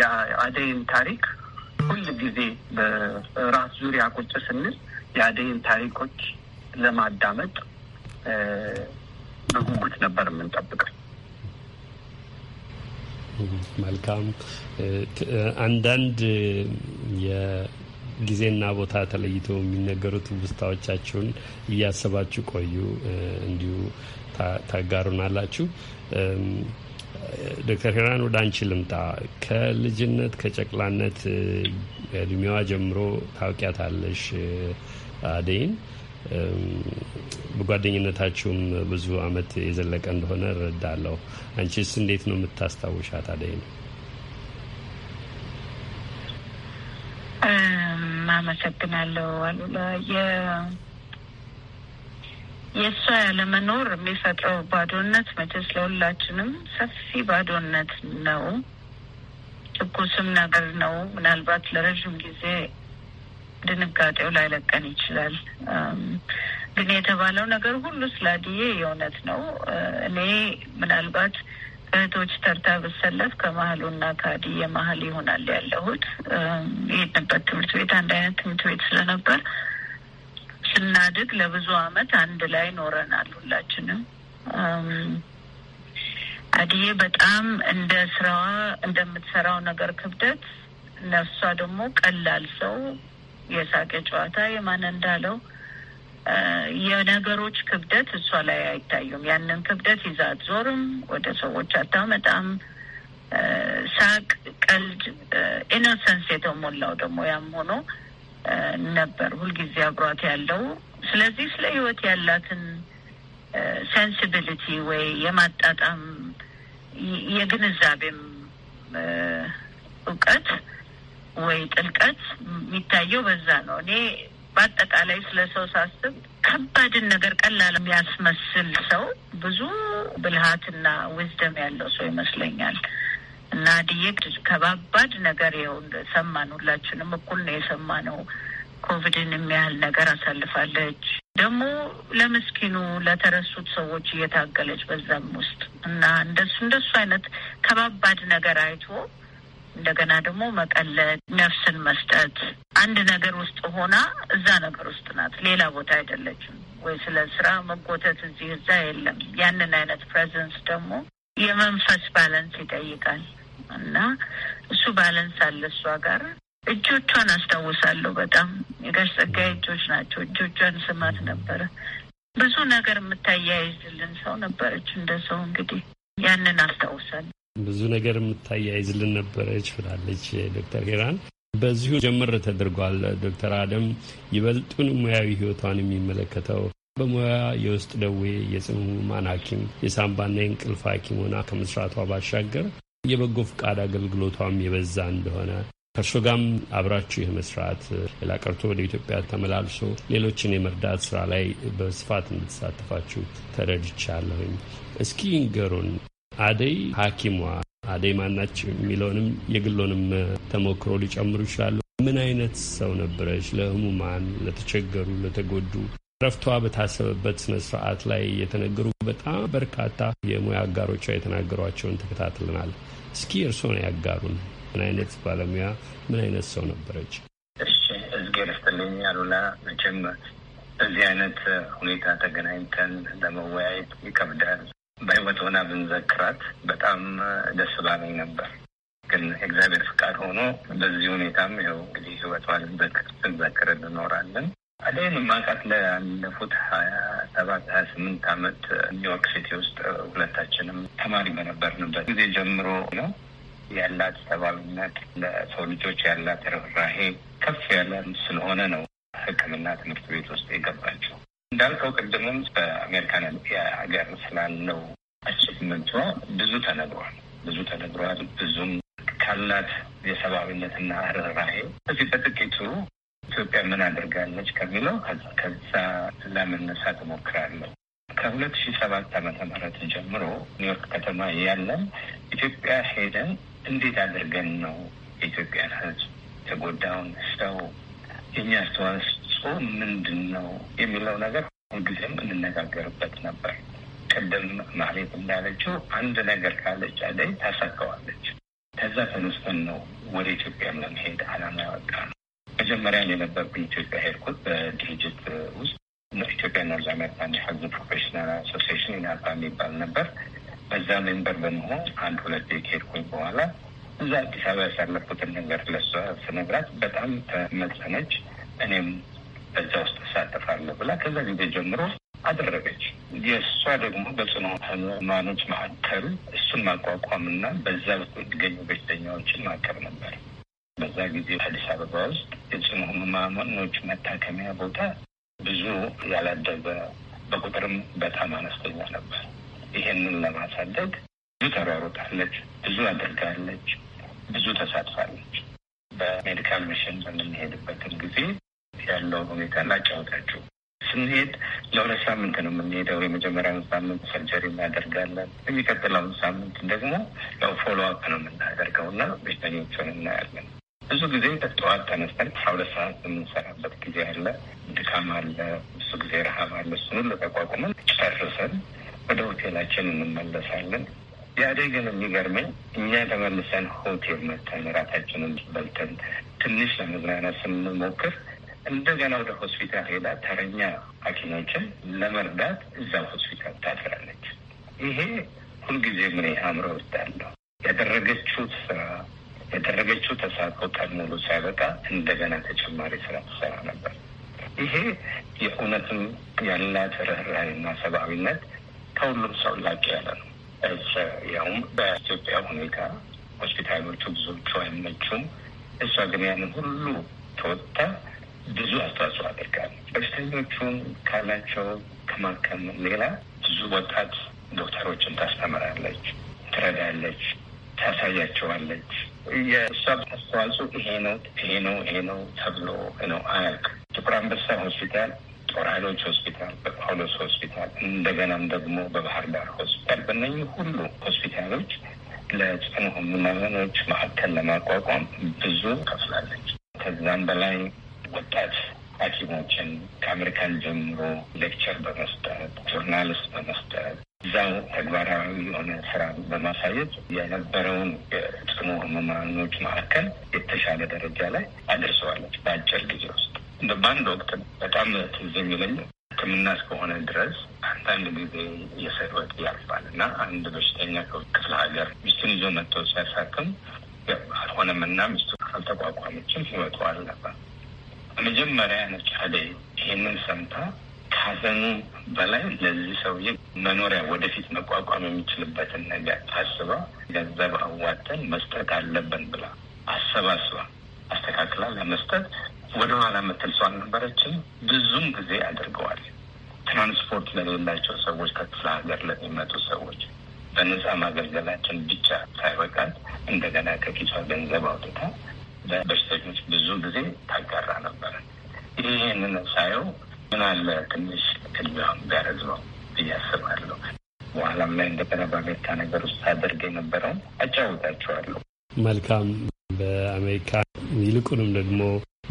የአደይን ታሪክ ሁል ጊዜ በራስ ዙሪያ ቁጭ ስንል የአደይን ታሪኮች ለማዳመጥ በጉጉት ነበር የምንጠብቀው። መልካም አንዳንድ የጊዜና ቦታ ተለይቶ የሚነገሩት ውስታዎቻችሁን እያሰባችሁ ቆዩ፣ እንዲሁ ታጋሩናላችሁ። ዶክተር ሄራን ወደ አንቺ ልምጣ። ከልጅነት ከጨቅላነት እድሜዋ ጀምሮ ታውቂያታለሽ አደይን በጓደኝነታችሁም ብዙ አመት የዘለቀ እንደሆነ እረዳለሁ። አንቺስ እንዴት ነው የምታስታውሻት ነው አመሰግናለሁ አሉላ። የእሷ ያለመኖር የሚፈጥረው ባዶነት መቼስ ለሁላችንም ሰፊ ባዶነት ነው። ትኩስም ነገር ነው። ምናልባት ለረዥም ጊዜ ድንጋጤው ላይለቀን ይችላል። ግን የተባለው ነገር ሁሉ ስላድዬ የእውነት ነው። እኔ ምናልባት እህቶች ተርታ ብሰለፍ ከመሀሉና ከአድዬ መሀል ይሆናል ያለሁት። የሄድንበት ትምህርት ቤት አንድ አይነት ትምህርት ቤት ስለነበር ስናድግ ለብዙ አመት አንድ ላይ ኖረናል ሁላችንም። አድዬ በጣም እንደ ስራዋ እንደምትሰራው ነገር ክብደት ነፍሷ ደግሞ ቀላል ሰው የሳቅ ጨዋታ የማን እንዳለው የነገሮች ክብደት እሷ ላይ አይታዩም። ያንን ክብደት ይዛ አትዞርም፣ ወደ ሰዎች አታመጣም። ሳቅ፣ ቀልድ፣ ኢኖሰንስ የተሞላው ደግሞ ያም ሆኖ ነበር ሁልጊዜ አብሯት ያለው። ስለዚህ ስለ ህይወት ያላትን ሴንሲቢሊቲ ወይ የማጣጣም የግንዛቤም እውቀት ወይ ጥልቀት የሚታየው በዛ ነው። እኔ በአጠቃላይ ስለ ሰው ሳስብ ከባድን ነገር ቀላል የሚያስመስል ሰው ብዙ ብልሃትና ዊዝደም ያለው ሰው ይመስለኛል። እና ድየግ ከባባድ ነገር ይኸው ሰማን፣ ሁላችንም እኩል ነው የሰማነው። ኮቪድን የሚያህል ነገር አሳልፋለች። ደግሞ ለምስኪኑ ለተረሱት ሰዎች እየታገለች በዛም ውስጥ እና እንደሱ እንደሱ አይነት ከባባድ ነገር አይቶ እንደገና ደግሞ መቀለድ፣ ነፍስን መስጠት አንድ ነገር ውስጥ ሆና እዛ ነገር ውስጥ ናት፣ ሌላ ቦታ አይደለችም። ወይ ስለ ስራ መጎተት እዚህ እዛ የለም። ያንን አይነት ፕሬዘንስ ደግሞ የመንፈስ ባለንስ ይጠይቃል እና እሱ ባለንስ አለ እሷ ጋር። እጆቿን አስታውሳለሁ በጣም የጋሽ ጸጋዬ እጆች ናቸው። እጆቿን ስማት ነበረ። ብዙ ነገር የምታያይዝልን ሰው ነበረች። እንደ ሰው እንግዲህ ያንን አስታውሳለሁ። ብዙ ነገር የምታያይዝልን ነበረች ብላለች ዶክተር ሄራን። በዚሁ ጀምር ተደርጓል። ዶክተር አደም ይበልጡን ሙያዊ ህይወቷን የሚመለከተው በሙያ የውስጥ ደዌ የጽኑ ህሙማን ሐኪም የሳምባና የእንቅልፍ ሐኪም ሆና ከመስራቷ ባሻገር የበጎ ፈቃድ አገልግሎቷም የበዛ እንደሆነ ከእርሶ ጋም አብራችሁ የመስራት ሌላ ቀርቶ ወደ ኢትዮጵያ ተመላልሶ ሌሎችን የመርዳት ስራ ላይ በስፋት እንድትሳተፋችሁ ተረድቻለሁኝ። እስኪ ንገሩን አደይ ሐኪሟ አደይ ማናቸው የሚለውንም የግሎንም ተሞክሮ ሊጨምሩ ይችላሉ። ምን አይነት ሰው ነበረች? ለህሙማን፣ ለተቸገሩ፣ ለተጎዱ ረፍቷ በታሰበበት ስነ ስርዓት ላይ የተነገሩ በጣም በርካታ የሙያ አጋሮቿ የተናገሯቸውን ተከታትለናል። እስኪ እርስዎን ያጋሩን። ምን አይነት ባለሙያ፣ ምን አይነት ሰው ነበረች? እሺ እዝጌ ስትልኝ አሉላ፣ መቼም እዚህ አይነት ሁኔታ ተገናኝተን ለመወያየት ይከብዳል። በህይወት ሆና ብንዘክራት በጣም ደስ ባለኝ ነበር። ግን እግዚአብሔር ፍቃድ ሆኖ በዚህ ሁኔታም ይኸው እንግዲህ ህይወቷን ስንዘክር እንኖራለን። አደይን ማቃት ላለፉት ሀያ ሰባት ሀያ ስምንት አመት ኒውዮርክ ሲቲ ውስጥ ሁለታችንም ተማሪ በነበርንበት ጊዜ ጀምሮ ነው ያላት ሰብአዊነት፣ ለሰው ልጆች ያላት ርኅራሄ ከፍ ያለ ስለሆነ ነው ሕክምና ትምህርት ቤት ውስጥ የገባቸው። እንዳልከው ቅድምም በአሜሪካን የሀገር ስላለው አቺቭመንቷ ብዙ ተነግሯል። ብዙ ተነግሯል። ብዙም ካላት የሰብአዊነትና ርኅራሄ እዚህ በጥቂቱ ኢትዮጵያ ምን አድርጋለች ከሚለው ከዛ ለመነሳት እሞክራለሁ። ከሁለት ሺ ሰባት ዓመተ ምህረት ጀምሮ ኒውዮርክ ከተማ ያለን ኢትዮጵያ ሄደን እንዴት አድርገን ነው የኢትዮጵያን ሕዝብ የተጎዳውን ሰው የሚያስተዋስ በሽታ ምንድን ነው የሚለው ነገር ሁልጊዜም እንነጋገርበት ነበር። ቅድም ማህሌት እንዳለችው አንድ ነገር ካለች አደይ ታሳካዋለች። ከዛ ተነስተን ነው ወደ ኢትዮጵያ ለመሄድ አላማ ያወጣ ነው። መጀመሪያ የነበርኩኝ ኢትዮጵያ ሄድኩት በድርጅት ውስጥ ኢትዮጵያ ኖርዝ አሜሪካን የሀዝ ፕሮፌሽናል አሶሲሽን ኢናፓ የሚባል ነበር። በዛ ሜምበር በመሆን አንድ ሁለት ከሄድኩኝ በኋላ እዛ አዲስ አበባ ያሳለፍኩትን ነገር ለሷ ስነግራት በጣም ተመጸነች። እኔም በዛ ውስጥ እሳተፋለሁ ብላ ከዛ ጊዜ ጀምሮ አደረገች። የእሷ ደግሞ በጽኑ ህሙማኖች ማዕከል እሱን ማቋቋምና በዛ የሚገኙ በሽተኛዎችን ማከር ነበር። በዛ ጊዜ አዲስ አበባ ውስጥ የጽኑ ህሙማኖች መታከሚያ ቦታ ብዙ ያላደገ በቁጥርም በጣም አነስተኛ ነበር። ይሄንን ለማሳደግ ብዙ ተሯሩጣለች፣ ብዙ አድርጋለች፣ ብዙ ተሳትፋለች። በሜዲካል ሚሽን በምንሄድበትም ጊዜ ያለው ሁኔታ ላጫወታችሁ። ስንሄድ ለሁለት ሳምንት ነው የምንሄደው። የመጀመሪያውን ሳምንት ሰርጀሪ እናደርጋለን። የሚቀጥለውን ሳምንት ደግሞ ያው ፎሎ አፕ ነው የምናደርገው እና በሽተኞቹን እናያለን። ብዙ ጊዜ ጠዋት ተነስተን ሁለ ሁለት ሰዓት የምንሰራበት ጊዜ አለ። ድካም አለ፣ ብዙ ጊዜ ረሀብ አለ። እሱን ለተቋቁመን ጨርሰን ወደ ሆቴላችን እንመለሳለን። ያደግ ግን የሚገርመኝ። እኛ ተመልሰን ሆቴል መተን እራታችንን በልተን ትንሽ ለመዝናናት ስንሞክር እንደገና ወደ ሆስፒታል ሄዳ ተረኛ ሐኪሞችን ለመርዳት እዛው ሆስፒታል ታድራለች። ይሄ ሁልጊዜ ምን አእምሮ ውስጥ አለው። ያደረገችው ስራ ያደረገችው ተሳትፎ ቀን ሙሉ ሳይበቃ እንደገና ተጨማሪ ስራ ትሰራ ነበር። ይሄ የእውነትም ያላት ርኅራኄና ሰብአዊነት ከሁሉም ሰው ላቅ ያለ ነው። ያውም በኢትዮጵያ ሁኔታ ሆስፒታሎቹ ብዙዎቹ አይመቹም። እሷ ግን ያንን ሁሉ ተወጥታ ብዙ አስተዋጽኦ አድርጋል። በሽተኞቹን ካላቸው ከማከም ሌላ ብዙ ወጣት ዶክተሮችን ታስተምራለች፣ ትረዳለች፣ ታሳያቸዋለች። የእሷ አስተዋጽኦ ይሄ ነው ይሄ ነው ይሄ ነው ተብሎ ነው አያልቅ። ጥቁር አንበሳ ሆስፒታል፣ ጦር ኃይሎች ሆስፒታል፣ በጳውሎስ ሆስፒታል፣ እንደገናም ደግሞ በባህር ዳር ሆስፒታል በእነኚህ ሁሉ ሆስፒታሎች ለጽኑ ህሙማኖች ማዕከል ለማቋቋም ብዙ ከፍላለች። ከዛም በላይ ወጣት ሐኪሞችን ከአሜሪካን ጀምሮ ሌክቸር በመስጠት ጆርናልስ በመስጠት እዛው ተግባራዊ የሆነ ስራ በማሳየት የነበረውን የጽኑ ህሙማኖች መካከል የተሻለ ደረጃ ላይ አድርሰዋለች በአጭር ጊዜ ውስጥ። እንደ በአንድ ወቅት በጣም ትዝ የሚለኝ ሕክምና እስከሆነ ድረስ አንዳንድ ጊዜ የሰው ሕይወት ያልፋል እና አንድ በሽተኛ ክፍለ ሀገር ሚስቱን ይዞ መጥቶ ሲያሳክም አልሆነም እና ሚስቱ ካልተቋቋመችም ሕይወቱ አልነበር መጀመሪያ ነች አደይ ይህንን ሰምታ ካዘኑ በላይ ለዚህ ሰውዬ መኖሪያ ወደፊት መቋቋም የሚችልበትን ነገር አስባ ገንዘብ አዋጠን መስጠት አለብን ብላ አሰባስባ አስተካክላ ለመስጠት ወደኋላ የምትል ሰው አልነበረችም። ብዙም ጊዜ አድርገዋል። ትራንስፖርት ለሌላቸው ሰዎች፣ ከክፍለ ሀገር ለሚመጡ ሰዎች በነፃ ማገልገላችን ብቻ ሳይበቃት እንደገና ከኪሷ ገንዘብ አውጥታ ለበሽተኞች ብዙ ጊዜ ታጋራ ነበር። ይህንን ሳየው ምን አለ ትንሽ ክልም ቢያረዝመው እያስባለሁ። በኋላም ላይ እንደገና በአሜሪካ ነገር ውስጥ አደርግ የነበረውን አጫወታችኋለሁ። መልካም። በአሜሪካ ይልቁንም ደግሞ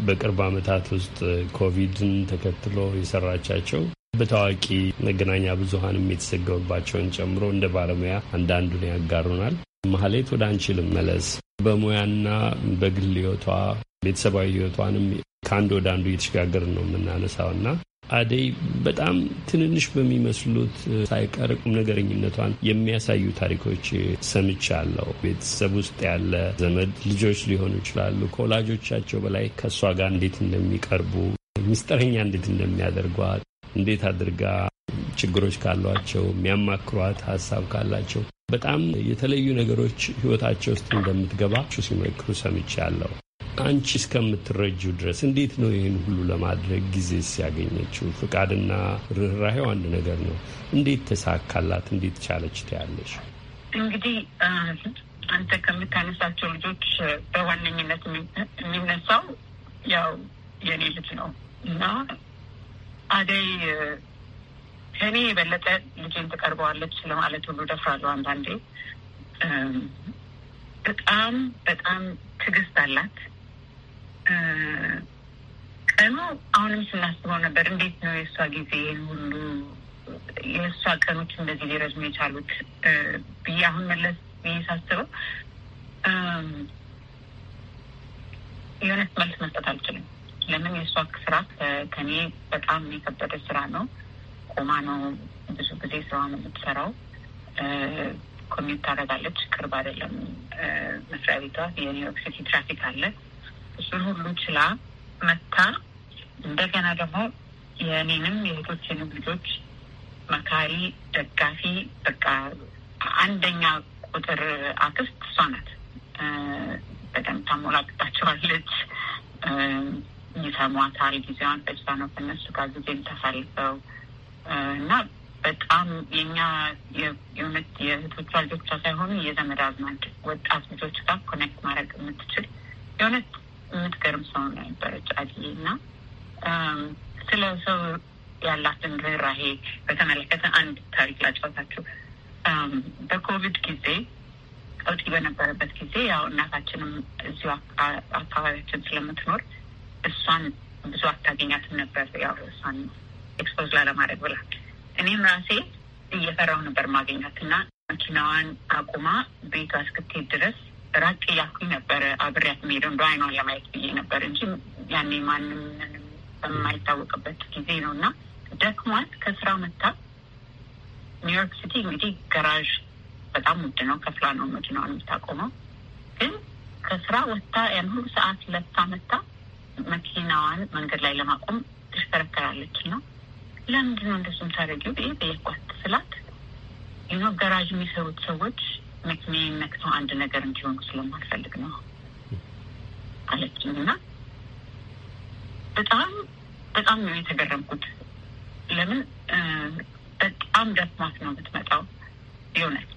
በቅርብ ዓመታት ውስጥ ኮቪድን ተከትሎ የሰራቻቸው በታዋቂ መገናኛ ብዙኃንም የተዘገበባቸውን ጨምሮ እንደ ባለሙያ አንዳንዱን ያጋሩናል። ማህሌት ወደ አንቺ ልመለስ። በሙያና በግል ህይወቷ ቤተሰባዊ ህይወቷንም ከአንድ ወደ አንዱ እየተሸጋገርን ነው የምናነሳው እና አደይ በጣም ትንንሽ በሚመስሉት ሳይቀር ቁም ነገረኝነቷን የሚያሳዩ ታሪኮች ሰምቻለሁ። ቤተሰብ ውስጥ ያለ ዘመድ ልጆች ሊሆኑ ይችላሉ። ከወላጆቻቸው በላይ ከእሷ ጋር እንዴት እንደሚቀርቡ፣ ሚስጥረኛ እንዴት እንደሚያደርጓት እንዴት አድርጋ ችግሮች ካሏቸው የሚያማክሯት ሀሳብ ካላቸው በጣም የተለዩ ነገሮች ህይወታቸው ውስጥ እንደምትገባ ሲመክሩ ሰምቻለሁ። አንቺ እስከምትረጁ ድረስ እንዴት ነው ይህን ሁሉ ለማድረግ ጊዜ ሲያገኘችው? ፍቃድና ርኅራሄው አንድ ነገር ነው። እንዴት ተሳካላት? እንዴት ቻለች ትያለሽ? እንግዲህ አንተ ከምታነሳቸው ልጆች በዋነኝነት የሚነሳው ያው የኔ ልጅ ነው እና አደይ ከኔ የበለጠ ልጅን ትቀርበዋለች ለማለት ሁሉ ደፍራሉ። አንዳንዴ በጣም በጣም ትዕግስት አላት። ቀኑ አሁንም ስናስበው ነበር፣ እንዴት ነው የእሷ ጊዜ ሁሉ የእሷ ቀኖች እንደዚህ ሊረዝሙ የቻሉት ብዬ አሁን መለስ ብዬ ሳስበው የእውነት መልስ መስጠት አልችልም። ለምን የእሷ ስራ ከኔ በጣም የከበደ ስራ ነው። ቆማ ነው ብዙ ጊዜ ስራዋን የምትሰራው። ኮሚዩት ታደርጋለች። ቅርብ አይደለም መስሪያ ቤቷ። የኒውዮርክ ሲቲ ትራፊክ አለ። እሱን ሁሉ ችላ መታ። እንደገና ደግሞ የእኔንም የእህቶቼንም ልጆች መካሪ፣ ደጋፊ፣ በቃ አንደኛ ቁጥር አክስት እሷ ናት። በደንብ ታሞላግባቸዋለች። ይሰሟታል። ጊዜዋን ፈጅታ ነው ከነሱ ጋር ጊዜም ተሳልፈው እና በጣም የኛ የእውነት የእህቶቿ ልጆቿ ሳይሆኑ የዘመድ አዝማድ ወጣት ልጆች ጋር ኮኔክት ማድረግ የምትችል የእውነት የምትገርም ሰው የነበረ አድዬ እና ስለ ሰው ያላትን ርኅራሄ በተመለከተ አንድ ታሪክ ላጫወታችሁ። በኮቪድ ጊዜ ቀውጢ በነበረበት ጊዜ ያው እናታችንም እዚሁ አካባቢያችን ስለምትኖር እሷን ብዙ አታገኛትም ነበር። ያው እሷን ኤክስፖዝ ላለማድረግ ብላ እኔም ራሴ እየፈራው ነበር ማገኛት እና መኪናዋን አቁማ ቤቷ እስክትሄድ ድረስ ራቅ እያልኩኝ ነበረ አብሬያት የምሄደው እንደ አይኗን ለማየት ብዬ ነበር እንጂ ያኔ ማንም በማይታወቅበት ጊዜ ነው እና ደክሟት ከስራ መታ ኒውዮርክ ሲቲ እንግዲህ ገራዥ በጣም ውድ ነው። ከፍላ ነው መኪናዋን የምታቆመው። ግን ከስራ ወጥታ ያን ሁሉ ሰዓት ለፍታ መታ መኪናዋን መንገድ ላይ ለማቆም ትሽከረከራለች ነው። ለምንድን ነው እንደሱም የምታደርጊው ብዬ ጠየኳት ስላት ይኖ ገራዥ የሚሰሩት ሰዎች መኪና ነክተው አንድ ነገር እንዲሆኑ ስለማልፈልግ ነው አለችኝ በጣም በጣም ነው የተገረምኩት። ለምን በጣም ደስማት ነው የምትመጣው የሆነት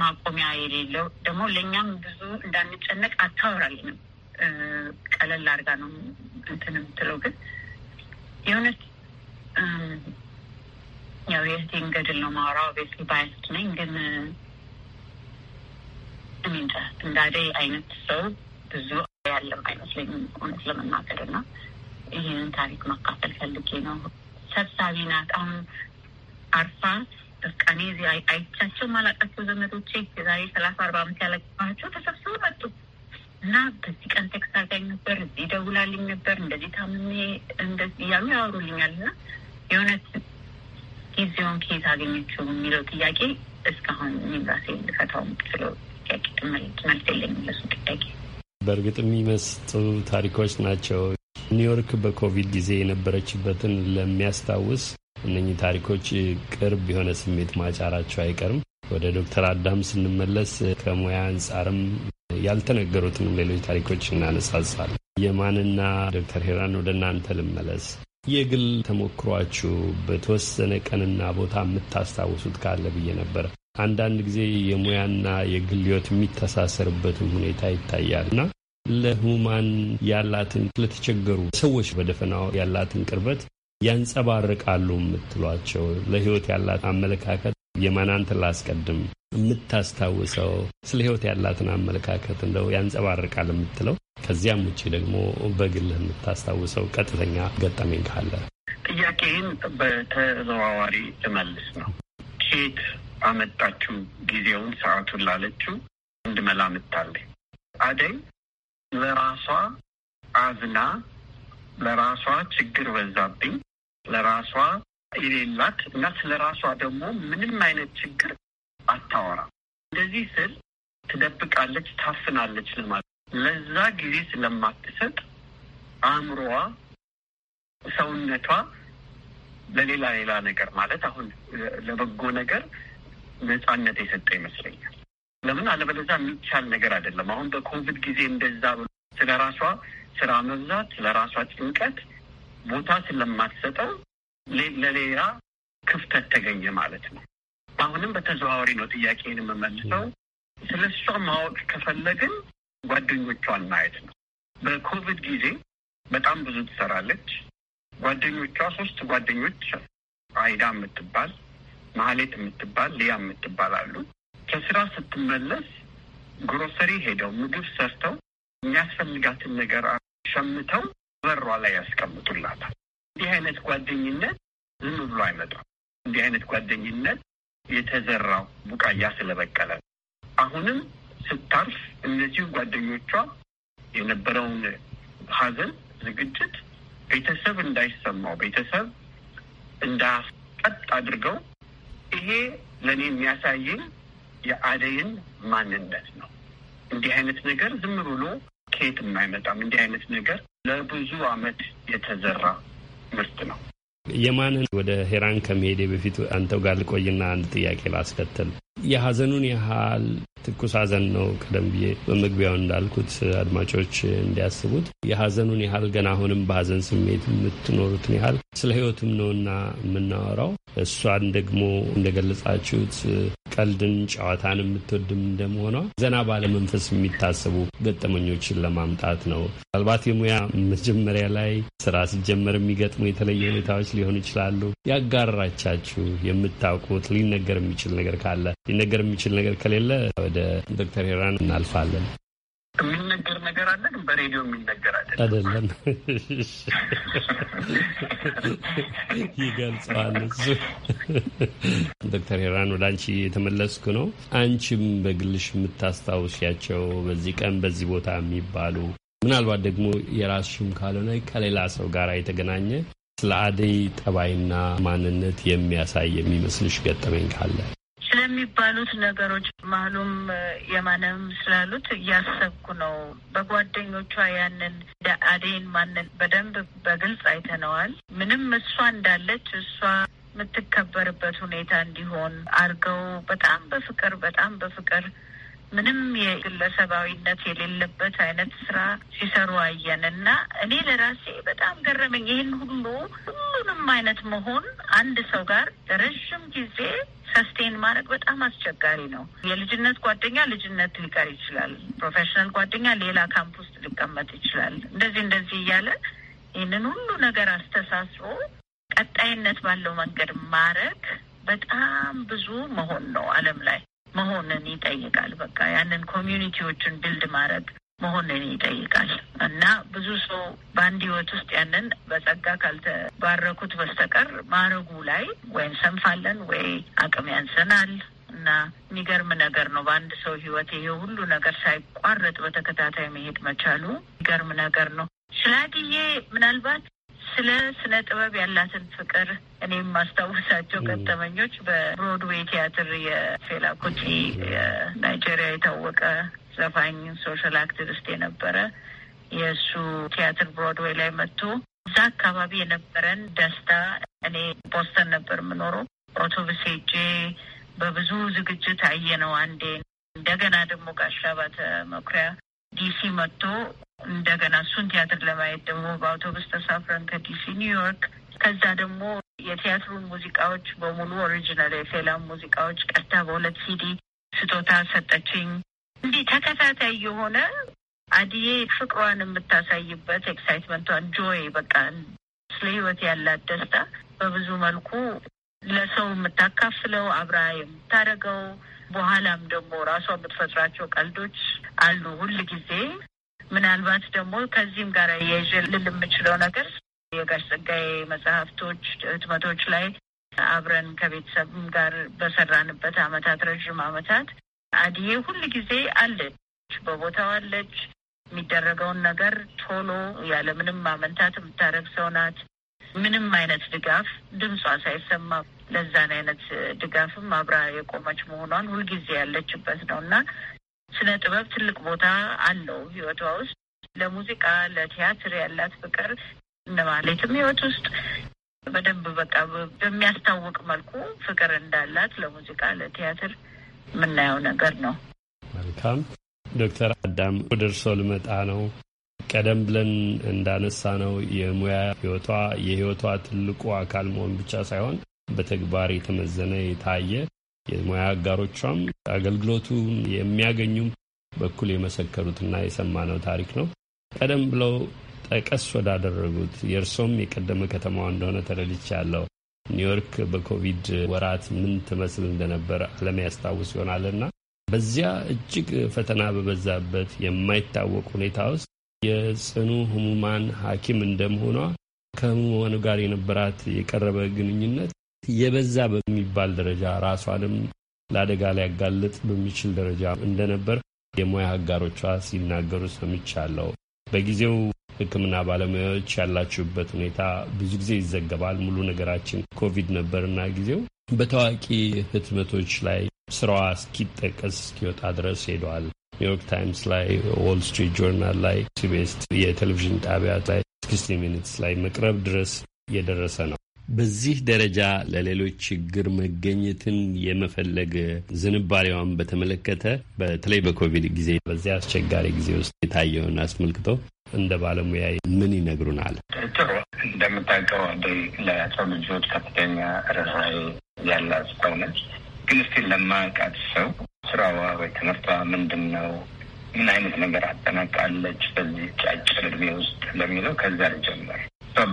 ማቆሚያ የሌለው ደግሞ ለእኛም ብዙ እንዳንጨነቅ አታወራልንም ቀለል አድርጋ ነው እንትን የምትለው። ግን የእውነት ያው የእህቴን ገድል ነው ማውራው። ቤት ባያስት ነኝ ግን እኔ እንጃ እንዳዴ አይነት ሰው ብዙ ያለም አይመስለኝም እውነት ለመናገር እና ይህንን ታሪክ መካፈል ፈልጌ ነው። ሰብሳቢ ናት። አሁን አርፋ በቃ እኔ እዚህ አይቻቸው ማላቃቸው ዘመዶቼ የዛሬ ሰላሳ አርባ አመት ያለባቸው ተሰብስበው መጡ። እና በዚህ ቀን ቴክስት አርጋኝ ነበር፣ እዚህ ደውላልኝ ነበር፣ እንደዚህ ታምሜ እንደዚህ እያሉ ያወሩልኛል። እና የእውነት ጊዜውን ከየት አገኘችው የሚለው ጥያቄ እስካሁን ሚምራሴ ልፈታው ጥያቄ መልስ የለኝ ለሱ ጥያቄ። በእርግጥ የሚመስጡ ታሪኮች ናቸው። ኒውዮርክ በኮቪድ ጊዜ የነበረችበትን ለሚያስታውስ እነኚህ ታሪኮች ቅርብ የሆነ ስሜት ማጫራቸው አይቀርም። ወደ ዶክተር አዳም ስንመለስ ከሙያ አንጻርም ያልተነገሩትን ሌሎች ታሪኮች እናነሳሳል። የማንና ዶክተር ሄራን ወደ እናንተ ልመለስ። የግል ተሞክሯችሁ በተወሰነ ቀንና ቦታ የምታስታውሱት ካለ ብዬ ነበር። አንዳንድ ጊዜ የሙያና የግል ሕይወት የሚተሳሰርበትም ሁኔታ ይታያል እና ለሁማን ያላትን ለተቸገሩ ሰዎች በደፈናው ያላትን ቅርበት ያንጸባርቃሉ የምትሏቸው ለህይወት ያላት አመለካከት የማናንት ላስቀድም የምታስታውሰው ስለ ህይወት ያላትን አመለካከት እንደው ያንጸባርቃል የምትለው ከዚያም ውጭ ደግሞ በግልህ የምታስታውሰው ቀጥተኛ ገጠመኝ ካለ ጥያቄህን በተዘዋዋሪ ልመልስ ነው። ኬት አመጣችሁ ጊዜውን ሰዓቱን ላለችው አንድ መላምት አደይ ለራሷ አዝና፣ ለራሷ ችግር በዛብኝ፣ ለራሷ የሌላት እና ስለ ራሷ ደግሞ ምንም አይነት ችግር አታወራ። እንደዚህ ስል ትደብቃለች፣ ታፍናለች ለማለት ለዛ ጊዜ ስለማትሰጥ አእምሮዋ፣ ሰውነቷ ለሌላ ሌላ ነገር ማለት አሁን ለበጎ ነገር ነጻነት የሰጠ ይመስለኛል። ለምን አለበለዛ የሚቻል ነገር አይደለም። አሁን በኮቪድ ጊዜ እንደዛ ስለ ራሷ ስራ መብዛት፣ ስለ ራሷ ጭንቀት ቦታ ስለማትሰጠው ለሌላ ክፍተት ተገኘ ማለት ነው። አሁንም በተዘዋዋሪ ነው ጥያቄን የምመልሰው። ስለ እሷ ማወቅ ከፈለግን ጓደኞቿን ማየት ነው። በኮቪድ ጊዜ በጣም ብዙ ትሰራለች። ጓደኞቿ ሶስት ጓደኞች አይዳ የምትባል ማህሌት የምትባል ሊያ የምትባል አሉ። ከስራ ስትመለስ ግሮሰሪ ሄደው ምግብ ሰርተው የሚያስፈልጋትን ነገር ሸምተው በሯ ላይ ያስቀምጡላታል። እንዲህ አይነት ጓደኝነት ዝም ብሎ አይመጣም። እንዲህ አይነት ጓደኝነት የተዘራው ቡቃያ ስለበቀለ አሁንም ስታርፍ እነዚህ ጓደኞቿ የነበረውን ሐዘን ዝግጅት ቤተሰብ እንዳይሰማው ቤተሰብ እንዳያስቀጥ አድርገው ይሄ ለእኔ የሚያሳየኝ የአደይን ማንነት ነው። እንዲህ አይነት ነገር ዝም ብሎ ከየት የማይመጣም። እንዲህ አይነት ነገር ለብዙ አመት የተዘራ ትምህርት ነው። የማንን ወደ ሄራን ከመሄዴ በፊት አንተው ጋር ልቆይና አንድ ጥያቄ ላስከትል። የሀዘኑን ያህል ትኩስ ሀዘን ነው። ቀደም ብዬ በመግቢያው እንዳልኩት አድማጮች እንዲያስቡት የሀዘኑን ያህል ገና አሁንም በሀዘን ስሜት የምትኖሩትን ያህል ስለ ሕይወትም ነውና የምናወራው። እሷን ደግሞ እንደገለጻችሁት ቀልድን፣ ጨዋታን የምትወድም እንደመሆኗ ዘና ባለመንፈስ የሚታሰቡ ገጠመኞችን ለማምጣት ነው። ምናልባት የሙያ መጀመሪያ ላይ ስራ ሲጀመር የሚገጥሙ የተለየ ሁኔታዎች ሊሆኑ ይችላሉ። ያጋራቻችሁ የምታውቁት ሊነገር የሚችል ነገር ካለ ሊነገር የሚችል ነገር ከሌለ ወደ ዶክተር ሄራን እናልፋለን። የሚነገር ነገር አለ፣ ግን በሬዲዮ የሚነገር አይደለም። ይገልጸዋል እሱ። ዶክተር ሄራን ወደ አንቺ የተመለስኩ ነው። አንቺም በግልሽ የምታስታውሻቸው በዚህ ቀን በዚህ ቦታ የሚባሉ ምናልባት ደግሞ የራስሽም ካልሆነ ከሌላ ሰው ጋር የተገናኘ ስለ አደይ ጠባይና ማንነት የሚያሳይ የሚመስልሽ ገጠመኝ ካለ ስለሚባሉት ነገሮች ማህሉም የማነም ስላሉት እያሰብኩ ነው። በጓደኞቿ ያንን አዴን ማንን በደንብ በግልጽ አይተነዋል። ምንም እሷ እንዳለች እሷ የምትከበርበት ሁኔታ እንዲሆን አድርገው በጣም በፍቅር በጣም በፍቅር ምንም የግለሰባዊነት የሌለበት አይነት ስራ ሲሰሩ አየን እና እኔ ለራሴ በጣም ገረመኝ። ይህን ሁሉ ሁሉንም አይነት መሆን አንድ ሰው ጋር ለረዥም ጊዜ ሰስቴን ማድረግ በጣም አስቸጋሪ ነው። የልጅነት ጓደኛ ልጅነት ሊቀር ይችላል። ፕሮፌሽናል ጓደኛ ሌላ ካምፕ ውስጥ ሊቀመጥ ይችላል። እንደዚህ እንደዚህ እያለ ይህንን ሁሉ ነገር አስተሳስሮ ቀጣይነት ባለው መንገድ ማድረግ በጣም ብዙ መሆን ነው አለም ላይ መሆንን ይጠይቃል። በቃ ያንን ኮሚዩኒቲዎችን ቢልድ ማድረግ መሆንን ይጠይቃል እና ብዙ ሰው በአንድ ህይወት ውስጥ ያንን በጸጋ ካልተባረኩት በስተቀር ማድረጉ ላይ ወይ እንሰንፋለን ወይ አቅም ያንሰናል። እና የሚገርም ነገር ነው። በአንድ ሰው ህይወት ይሄ ሁሉ ነገር ሳይቋረጥ በተከታታይ መሄድ መቻሉ የሚገርም ነገር ነው። ስላድዬ ምናልባት ስለ ስነ ጥበብ ያላትን ፍቅር እኔ የማስታውሳቸው ገጠመኞች በብሮድዌይ ቲያትር የፌላ kuti የናይጄሪያ የታወቀ ዘፋኝ ሶሻል አክቲቪስት የነበረ የእሱ ቲያትር ብሮድዌይ ላይ መጥቶ እዛ አካባቢ የነበረን ደስታ እኔ ቦስተን ነበር የምኖረው። ኦቶብስ ሄጄ በብዙ ዝግጅት አየነው አንዴ። እንደገና ደግሞ ጋሻ ባተ መኩሪያ ዲሲ መጥቶ እንደገና እሱን ቲያትር ለማየት ደግሞ በአውቶቡስ ተሳፍረን ከዲሲ ኒውዮርክ፣ ከዛ ደግሞ የቲያትሩን ሙዚቃዎች በሙሉ ኦሪጂናል የፌላም ሙዚቃዎች ቀርታ በሁለት ሲዲ ስጦታ ሰጠችኝ። እንዲህ ተከታታይ የሆነ አድዬ ፍቅሯን የምታሳይበት ኤክሳይትመንቷን፣ ጆይ በቃ ስለ ህይወት ያላት ደስታ በብዙ መልኩ ለሰው የምታካፍለው አብራ የምታደርገው በኋላም ደግሞ ራሷ የምትፈጥራቸው ቀልዶች አሉ ሁል ጊዜ ምናልባት ደግሞ ከዚህም ጋር የይዤ ልል የምችለው ነገር የጋሽ ጸጋዬ መጽሐፍቶች ህትመቶች ላይ አብረን ከቤተሰብም ጋር በሰራንበት አመታት ረዥም አመታት አድዬ ሁል ጊዜ አለች፣ በቦታው አለች። የሚደረገውን ነገር ቶሎ ያለምንም ማመንታት የምታደረግ ሰው ናት። ምንም አይነት ድጋፍ ድምጿ ሳይሰማ ለዛን አይነት ድጋፍም አብራ የቆመች መሆኗን ሁልጊዜ ያለችበት ነው እና ስነ ጥበብ ትልቅ ቦታ አለው ህይወቷ ውስጥ። ለሙዚቃ ለቲያትር ያላት ፍቅር እነማሌትም ህይወት ውስጥ በደንብ በቃ በሚያስታውቅ መልኩ ፍቅር እንዳላት ለሙዚቃ ለቲያትር የምናየው ነገር ነው። መልካም ዶክተር አዳም ወደ እርሶ ልመጣ ነው። ቀደም ብለን እንዳነሳ ነው የሙያ ህይወቷ የህይወቷ ትልቁ አካል መሆን ብቻ ሳይሆን በተግባር የተመዘነ የታየ የሙያ አጋሮቿም አገልግሎቱን የሚያገኙም በኩል የመሰከሩትና የሰማነው ታሪክ ነው። ቀደም ብለው ጠቀስ ወዳደረጉት የእርሶም የቀደመ ከተማዋ እንደሆነ ተረድቻለሁ። ኒውዮርክ በኮቪድ ወራት ምን ትመስል እንደነበር ዓለም ያስታውስ ይሆናልና በዚያ እጅግ ፈተና በበዛበት የማይታወቅ ሁኔታ ውስጥ የጽኑ ህሙማን ሐኪም እንደመሆኗ ከህሙማኑ ጋር የነበራት የቀረበ ግንኙነት የበዛ በሚባል ደረጃ ራሷንም ለአደጋ ሊያጋልጥ በሚችል ደረጃ እንደነበር የሙያ አጋሮቿ ሲናገሩ ሰምቻለሁ። በጊዜው ሕክምና ባለሙያዎች ያላችሁበት ሁኔታ ብዙ ጊዜ ይዘገባል። ሙሉ ነገራችን ኮቪድ ነበርና ጊዜው በታዋቂ ህትመቶች ላይ ስራዋ እስኪጠቀስ እስኪወጣ ድረስ ሄደዋል። ኒውዮርክ ታይምስ ላይ፣ ዎል ስትሪት ጆርናል ላይ፣ ሲቤስት የቴሌቪዥን ጣቢያ ላይ፣ ሲክስቲ ሚኒትስ ላይ መቅረብ ድረስ የደረሰ ነው። በዚህ ደረጃ ለሌሎች ችግር መገኘትን የመፈለግ ዝንባሌዋን በተመለከተ በተለይ በኮቪድ ጊዜ በዚያ አስቸጋሪ ጊዜ ውስጥ የታየውን አስመልክቶ እንደ ባለሙያ ምን ይነግሩናል? ጥሩ። እንደምታውቀው አደይ ለሰው ልጆች ከፍተኛ ርኅራኄ ያላት ሰው ነች። ግን እስቲ ለማያውቃት ሰው ስራዋ ወይ ትምህርቷ ምንድን ነው? ምን አይነት ነገር አጠናቃለች በዚህ ጫጭር እድሜ ውስጥ ለሚለው ከዛ ልጀምር።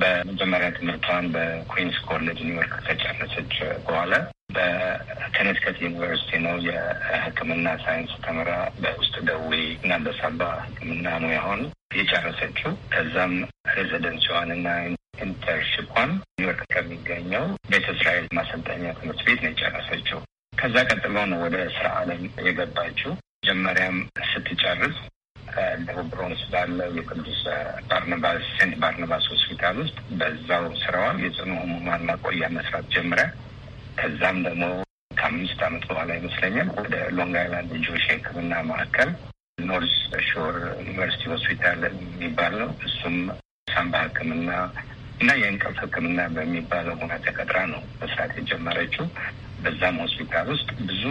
በመጀመሪያ ትምህርቷን በኩዊንስ ኮሌጅ ኒውዮርክ ከጨረሰች በኋላ በከነቲከት ዩኒቨርሲቲ ነው የሕክምና ሳይንስ ተምራ በውስጥ ደዌ እና በሳባ ሕክምና ሙያ የጨረሰችው። ከዛም ሬዚደንሲዋን እና ኢንተርንሺፓን ኒውዮርክ ከሚገኘው ቤተ እስራኤል ማሰልጠኛ ትምህርት ቤት ነው የጨረሰችው። ከዛ ቀጥሎ ነው ወደ ስራ ዓለም የገባችው። መጀመሪያም ስትጨርስ ውስጥ ባለው የቅዱስ ባርናባስ ሴንት ባርነባስ ሆስፒታል ውስጥ በዛው ስራዋ የጽኑ ህሙማን ማቆያ መስራት ጀምረ። ከዛም ደግሞ ከአምስት አመት በኋላ ይመስለኛል ወደ ሎንግ አይላንድ ልጆች የህክምና ማዕከል ኖርዝ ሾር ዩኒቨርሲቲ ሆስፒታል የሚባል ነው። እሱም ሳምባ ህክምና እና የእንቅልፍ ህክምና በሚባለው ሙያ ተቀጥራ ነው መስራት የጀመረችው። በዛም ሆስፒታል ውስጥ ብዙ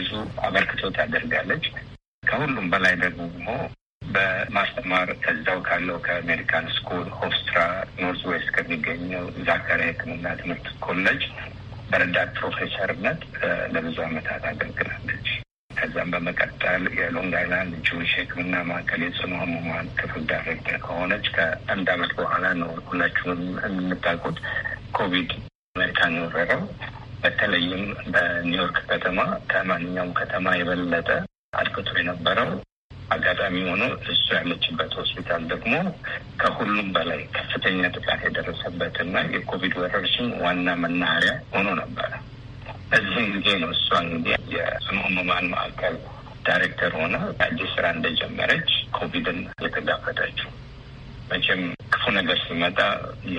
ብዙ አበርክቶ ታደርጋለች። ከሁሉም በላይ ደግሞ በማስተማር ከዛው ካለው ከአሜሪካን ስኩል ሆፍስትራ ኖርዝ ዌስት ከሚገኘው ዛካሪያ ሕክምና ትምህርት ኮሌጅ በረዳት ፕሮፌሰርነት ለብዙ ዓመታት አገልግላለች። ከዛም በመቀጠል የሎንግ አይላንድ ጅዊሽ ሕክምና ማዕከል የጽኑ ህሙማን ክፍል ዳይሬክተር ከሆነች ከአንድ ዓመት በኋላ ነው ሁላችሁም የምታውቁት ኮቪድ አሜሪካን የወረረው። በተለይም በኒውዮርክ ከተማ ከማንኛውም ከተማ የበለጠ አድክቶ የነበረው አጋጣሚ ሆኖ እሱ ያለችበት ሆስፒታል ደግሞ ከሁሉም በላይ ከፍተኛ ጥቃት የደረሰበት የኮቪድ ወረርሽኝ ዋና መናኸሪያ ሆኖ ነበረ። እዚህ ጊዜ ነው እሷ እንግዲህ የጽኑ ህሙማን ማዕከል ዳይሬክተር ሆነ አዲስ ስራ እንደጀመረች ኮቪድን የተጋፈጠችው። መቼም ክፉ ነገር ሲመጣ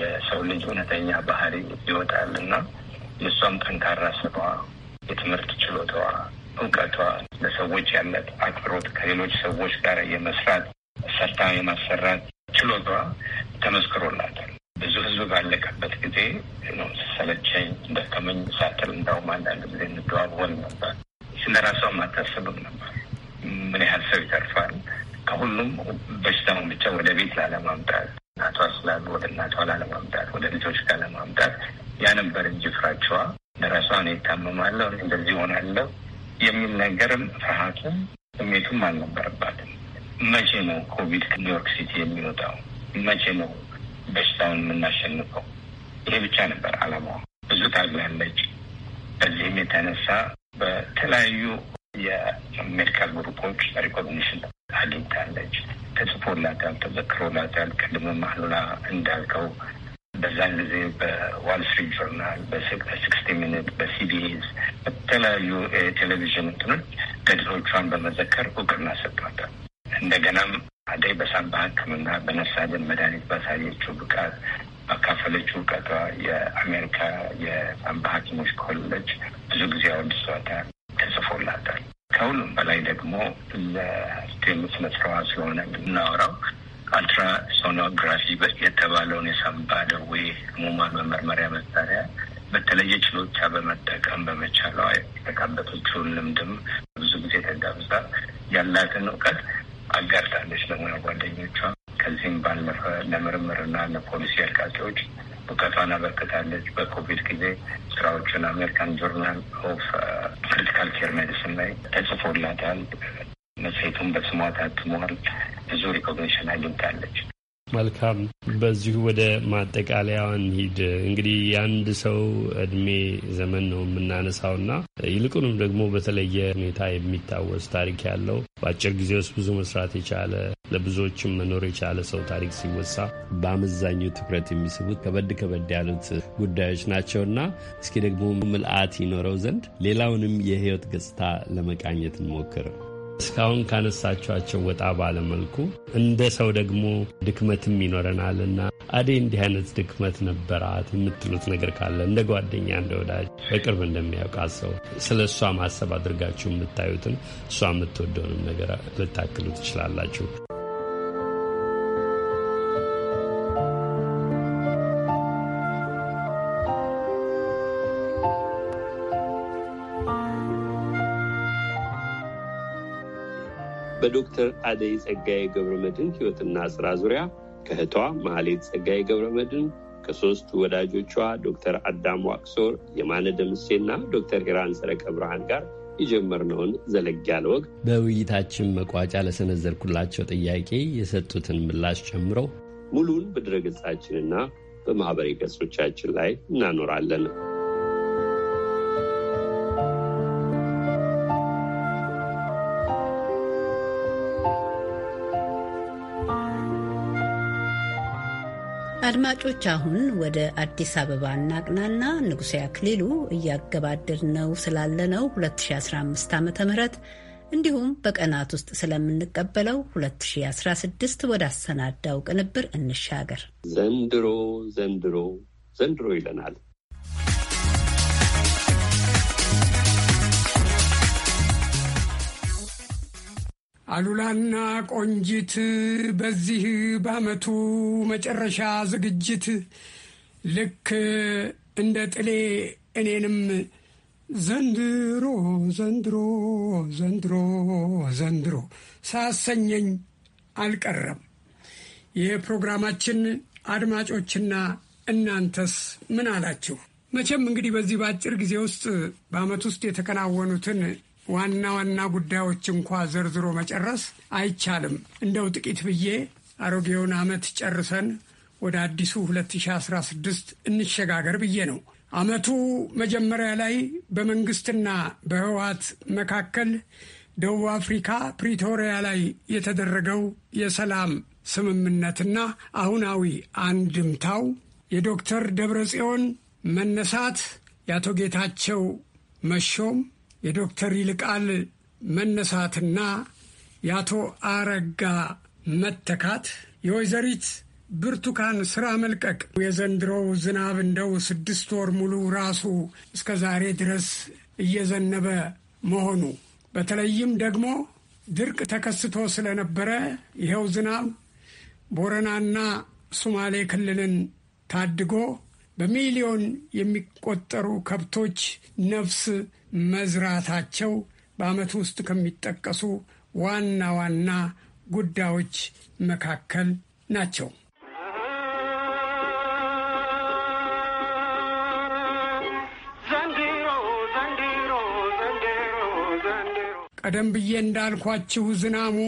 የሰው ልጅ እውነተኛ ባህሪ ይወጣል እና የእሷም ጠንካራ ስራዋ፣ የትምህርት ችሎታዋ እውቀቷ፣ ለሰዎች ያላት አክብሮት፣ ከሌሎች ሰዎች ጋር የመስራት ሰርታ የማሰራት ችሎቷ ተመስክሮላታል። ብዙ ህዝብ ባለቀበት ጊዜ ነው ሰለቸኝ፣ ደከመኝ ሳትል እንዳውም አንዳንድ ጊዜ እንደዋወል ነበር። ስለ ራሷም አታስብም ነበር። ምን ያህል ሰው ይተርፋል? ከሁሉም በሽታውን ብቻ ወደ ቤት ላለማምጣት እናቷ ስላሉ ወደ እናቷ ላለማምጣት ወደ ልጆች ጋር ለማምጣት ያ ነበር እንጂ ፍራቸዋ ለራሷ እኔ እታመማለሁ እንደዚህ ሆናለሁ የሚል ነገርም ፍርሃቱም ስሜቱም አልነበረባትም። መቼ ነው ኮቪድ ኒውዮርክ ሲቲ የሚወጣው? መቼ ነው በሽታውን የምናሸንፈው? ይሄ ብቻ ነበር አላማዋ። ብዙ ታግላለች። በዚህም የተነሳ በተለያዩ የሜዲካል ግሩፖች ሪኮግኒሽን አግኝታለች። ተጽፎላታል፣ ተዘክሮላታል። ቅድም ማህሉላ እንዳልከው በዛን ጊዜ በዋል ስትሪት ጆርናል፣ በሲክስቲ ሚኒት፣ በሲቢኤስ በተለያዩ የቴሌቪዥን እንትኖች ገድሎቿን በመዘከር እውቅና ሰጥቷታል። እንደገናም አደይ በሳንባ ሕክምና በነፍስ መድኃኒት ባሳየችው ብቃት ባካፈለችው እውቀቷ የአሜሪካ የሳንባ ሐኪሞች ኮሌጅ ብዙ ጊዜ አወድሷታል፣ ተጽፎላታል። ከሁሉም በላይ ደግሞ ለስቴም ስነ ስለሆነ የምናወራው አልትራሶኖግራፊ የተባለውን የሳምባ ደዌ ህሙማን መመርመሪያ መሳሪያ በተለየ ችሎታ በመጠቀም በመቻሏ የተካበቶቹን ልምድም ብዙ ጊዜ ተጋብዛ ያላትን እውቀት አጋርታለች ለሙያ ጓደኞቿ። ከዚህም ባለፈ ለምርምርና ለፖሊሲ አርቃቂዎች እውቀቷን አበርክታለች። በኮቪድ ጊዜ ስራዎችን አሜሪካን ጆርናል ኦፍ ክሪቲካል ኬር ሜዲሲን ላይ ተጽፎላታል። መጽሔቱም በስሟ ታትሟል። ብዙ ሪኮግኒሽን አግኝታለች። መልካም። በዚሁ ወደ ማጠቃለያው እንሂድ። እንግዲህ የአንድ ሰው እድሜ ዘመን ነው የምናነሳው እና ይልቁንም ደግሞ በተለየ ሁኔታ የሚታወስ ታሪክ ያለው በአጭር ጊዜ ውስጥ ብዙ መስራት የቻለ ለብዙዎችም መኖር የቻለ ሰው ታሪክ ሲወሳ በአመዛኙ ትኩረት የሚስቡት ከበድ ከበድ ያሉት ጉዳዮች ናቸው እና እስኪ ደግሞ ምልአት ይኖረው ዘንድ ሌላውንም የህይወት ገጽታ ለመቃኘት እንሞክር። እስካሁን ካነሳችኋቸው ወጣ ባለመልኩ እንደ ሰው ደግሞ ድክመትም ይኖረናልና አዴ እንዲህ አይነት ድክመት ነበራት የምትሉት ነገር ካለ እንደ ጓደኛ፣ እንደ ወዳጅ፣ በቅርብ እንደሚያውቃት ሰው ስለ እሷ ማሰብ አድርጋችሁ የምታዩትን እሷ የምትወደውንም ነገር ልታክሉ ትችላላችሁ። በዶክተር አደይ ጸጋዬ ገብረ መድን ህይወትና ስራ ዙሪያ ከእህቷ መሐሌት ጸጋዬ ገብረ መድን ከሶስት ወዳጆቿ ዶክተር አዳም ዋቅሶር፣ የማነ ደምሴና ዶክተር ሄራን ሰረቀ ብርሃን ጋር የጀመርነውን ዘለግ ያለ ወግ በውይይታችን መቋጫ ለሰነዘርኩላቸው ጥያቄ የሰጡትን ምላሽ ጨምሮ ሙሉን በድረገጻችንና በማኅበሬ ገጾቻችን ላይ እናኖራለን። አድማጮች አሁን ወደ አዲስ አበባ እናቅናና ንጉሴ አክሊሉ እያገባደድነው ስላለነው 2015 ዓ ም እንዲሁም በቀናት ውስጥ ስለምንቀበለው 2016 ወደ አሰናዳው ቅንብር እንሻገር። ዘንድሮ ዘንድሮ ዘንድሮ ይለናል አሉላና ቆንጂት በዚህ በዓመቱ መጨረሻ ዝግጅት ልክ እንደ ጥሌ እኔንም ዘንድሮ ዘንድሮ ዘንድሮ ዘንድሮ ሳሰኘኝ አልቀረም። የፕሮግራማችን አድማጮችና እናንተስ ምን አላችሁ? መቼም እንግዲህ በዚህ በአጭር ጊዜ ውስጥ በዓመት ውስጥ የተከናወኑትን ዋና ዋና ጉዳዮች እንኳ ዘርዝሮ መጨረስ አይቻልም። እንደው ጥቂት ብዬ አሮጌውን ዓመት ጨርሰን ወደ አዲሱ 2016 እንሸጋገር ብዬ ነው። ዓመቱ መጀመሪያ ላይ በመንግስትና በህወሓት መካከል ደቡብ አፍሪካ ፕሪቶሪያ ላይ የተደረገው የሰላም ስምምነትና አሁናዊ አንድምታው የዶክተር ደብረ ጽዮን መነሳት፣ የአቶ ጌታቸው መሾም የዶክተር ይልቃል መነሳትና የአቶ አረጋ መተካት የወይዘሪት ብርቱካን ስራ መልቀቅ የዘንድሮው ዝናብ እንደው ስድስት ወር ሙሉ ራሱ እስከ ዛሬ ድረስ እየዘነበ መሆኑ በተለይም ደግሞ ድርቅ ተከስቶ ስለነበረ ይኸው ዝናብ ቦረናና ሶማሌ ክልልን ታድጎ በሚሊዮን የሚቆጠሩ ከብቶች ነፍስ መዝራታቸው በአመቱ ውስጥ ከሚጠቀሱ ዋና ዋና ጉዳዮች መካከል ናቸው። ቀደም ብዬ እንዳልኳችሁ ዝናሙ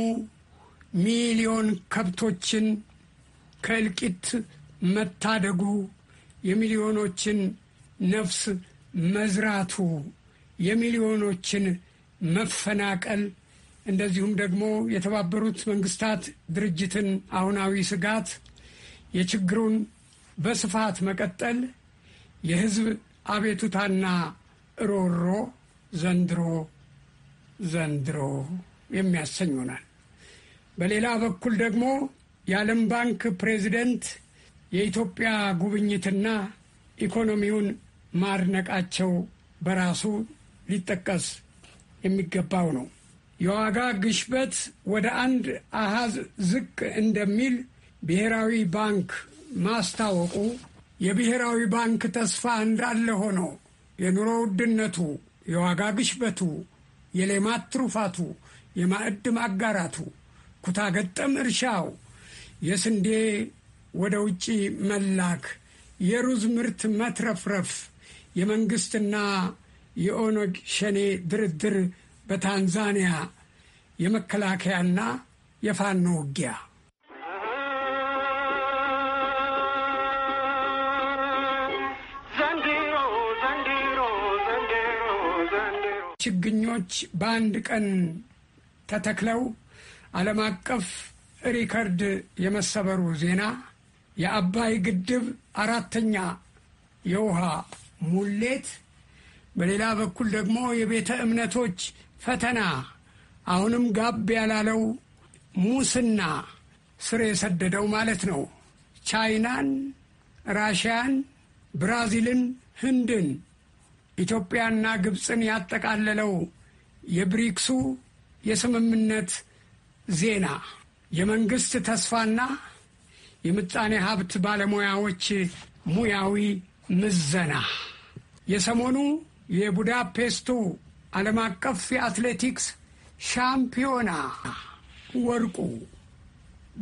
ሚሊዮን ከብቶችን ከእልቂት መታደጉ፣ የሚሊዮኖችን ነፍስ መዝራቱ የሚሊዮኖችን መፈናቀል እንደዚሁም ደግሞ የተባበሩት መንግስታት ድርጅትን አሁናዊ ስጋት የችግሩን በስፋት መቀጠል የህዝብ አቤቱታና ሮሮ ዘንድሮ ዘንድሮ የሚያሰኝ ሆናል። በሌላ በኩል ደግሞ የዓለም ባንክ ፕሬዚደንት የኢትዮጵያ ጉብኝትና ኢኮኖሚውን ማድነቃቸው በራሱ ሊጠቀስ የሚገባው ነው። የዋጋ ግሽበት ወደ አንድ አሃዝ ዝቅ እንደሚል ብሔራዊ ባንክ ማስታወቁ የብሔራዊ ባንክ ተስፋ እንዳለ ሆኖ የኑሮ ውድነቱ፣ የዋጋ ግሽበቱ፣ የሌማት ትሩፋቱ፣ የማዕድ ማጋራቱ፣ ኩታገጠም እርሻው፣ የስንዴ ወደ ውጪ መላክ፣ የሩዝ ምርት መትረፍረፍ፣ የመንግስትና የኦነግ ሸኔ ድርድር በታንዛኒያ የመከላከያና የፋኖ ውጊያ ችግኞች በአንድ ቀን ተተክለው ዓለም አቀፍ ሪከርድ የመሰበሩ ዜና፣ የአባይ ግድብ አራተኛ የውሃ ሙሌት በሌላ በኩል ደግሞ የቤተ እምነቶች ፈተና አሁንም ጋብ ያላለው ሙስና ስር የሰደደው ማለት ነው። ቻይናን፣ ራሽያን፣ ብራዚልን፣ ህንድን፣ ኢትዮጵያና ግብፅን ያጠቃለለው የብሪክሱ የስምምነት ዜና የመንግስት ተስፋና የምጣኔ ሀብት ባለሙያዎች ሙያዊ ምዘና የሰሞኑ የቡዳፔስቱ ዓለም አቀፍ የአትሌቲክስ ሻምፒዮና ወርቁ፣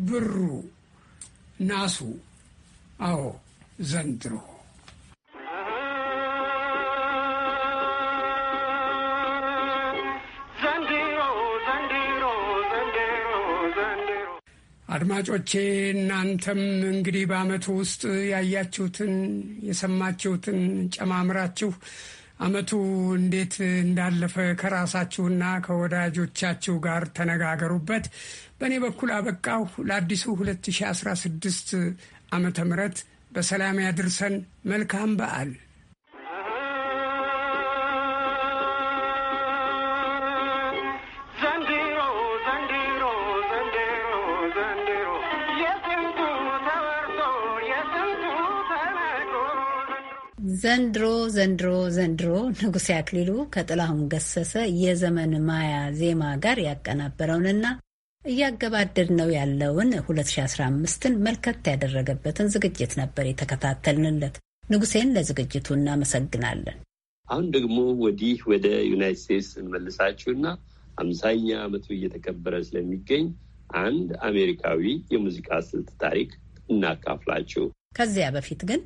ብሩ፣ ናሱ አዎ ዘንድሮ አድማጮቼ እናንተም እንግዲህ በዓመቱ ውስጥ ያያችሁትን የሰማችሁትን ጨማምራችሁ አመቱ እንዴት እንዳለፈ ከራሳችሁና ከወዳጆቻችሁ ጋር ተነጋገሩበት። በእኔ በኩል አበቃሁ። ለአዲሱ 2016 ዓመተ ምህረት በሰላም ያድርሰን። መልካም በዓል። ዘንድሮ ዘንድሮ ዘንድሮ ንጉሴ አክሊሉ ከጥላሁን ገሰሰ የዘመን ማያ ዜማ ጋር ያቀናበረውንና እያገባደድ ነው ያለውን 2015ን መልከት ያደረገበትን ዝግጅት ነበር የተከታተልንለት። ንጉሴን ለዝግጅቱ እናመሰግናለን። አሁን ደግሞ ወዲህ ወደ ዩናይት ስቴትስ እንመልሳችሁና አምሳኛ ዓመቱ እየተከበረ ስለሚገኝ አንድ አሜሪካዊ የሙዚቃ ስልት ታሪክ እናካፍላችሁ። ከዚያ በፊት ግን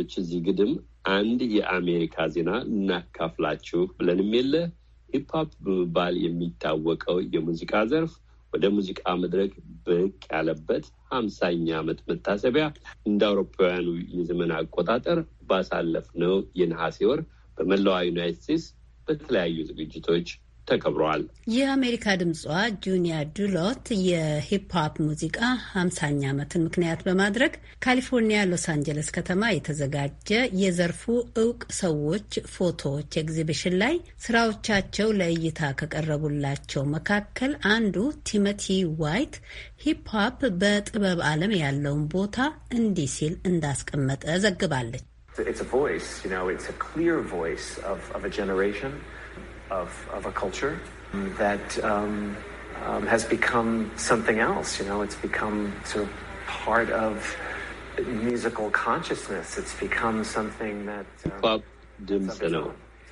አድማጮች እዚህ ግድም አንድ የአሜሪካ ዜና እናካፍላችሁ ብለንም የለ ሂፕሀፕ በመባል የሚታወቀው የሙዚቃ ዘርፍ ወደ ሙዚቃ መድረክ ብቅ ያለበት ሀምሳኛ ዓመት መታሰቢያ እንደ አውሮፓውያኑ የዘመን አቆጣጠር ባሳለፍነው የነሐሴ ወር በመላዋ ዩናይት ስቴትስ በተለያዩ ዝግጅቶች ተከብረዋል። የአሜሪካ ድምጿ ጁኒያ ዱሎት የሂፕሆፕ ሙዚቃ ሀምሳኛ ዓመትን ምክንያት በማድረግ ካሊፎርኒያ ሎስ አንጀለስ ከተማ የተዘጋጀ የዘርፉ እውቅ ሰዎች ፎቶዎች ኤግዚቢሽን ላይ ስራዎቻቸው ለእይታ ከቀረቡላቸው መካከል አንዱ ቲሞቲ ዋይት ሂፕሆፕ በጥበብ ዓለም ያለውን ቦታ እንዲህ ሲል እንዳስቀመጠ ዘግባለች። of, of a culture that um, um, has become something else. You know, it's become sort of part of musical consciousness. It's become something that. Um, ድምፅ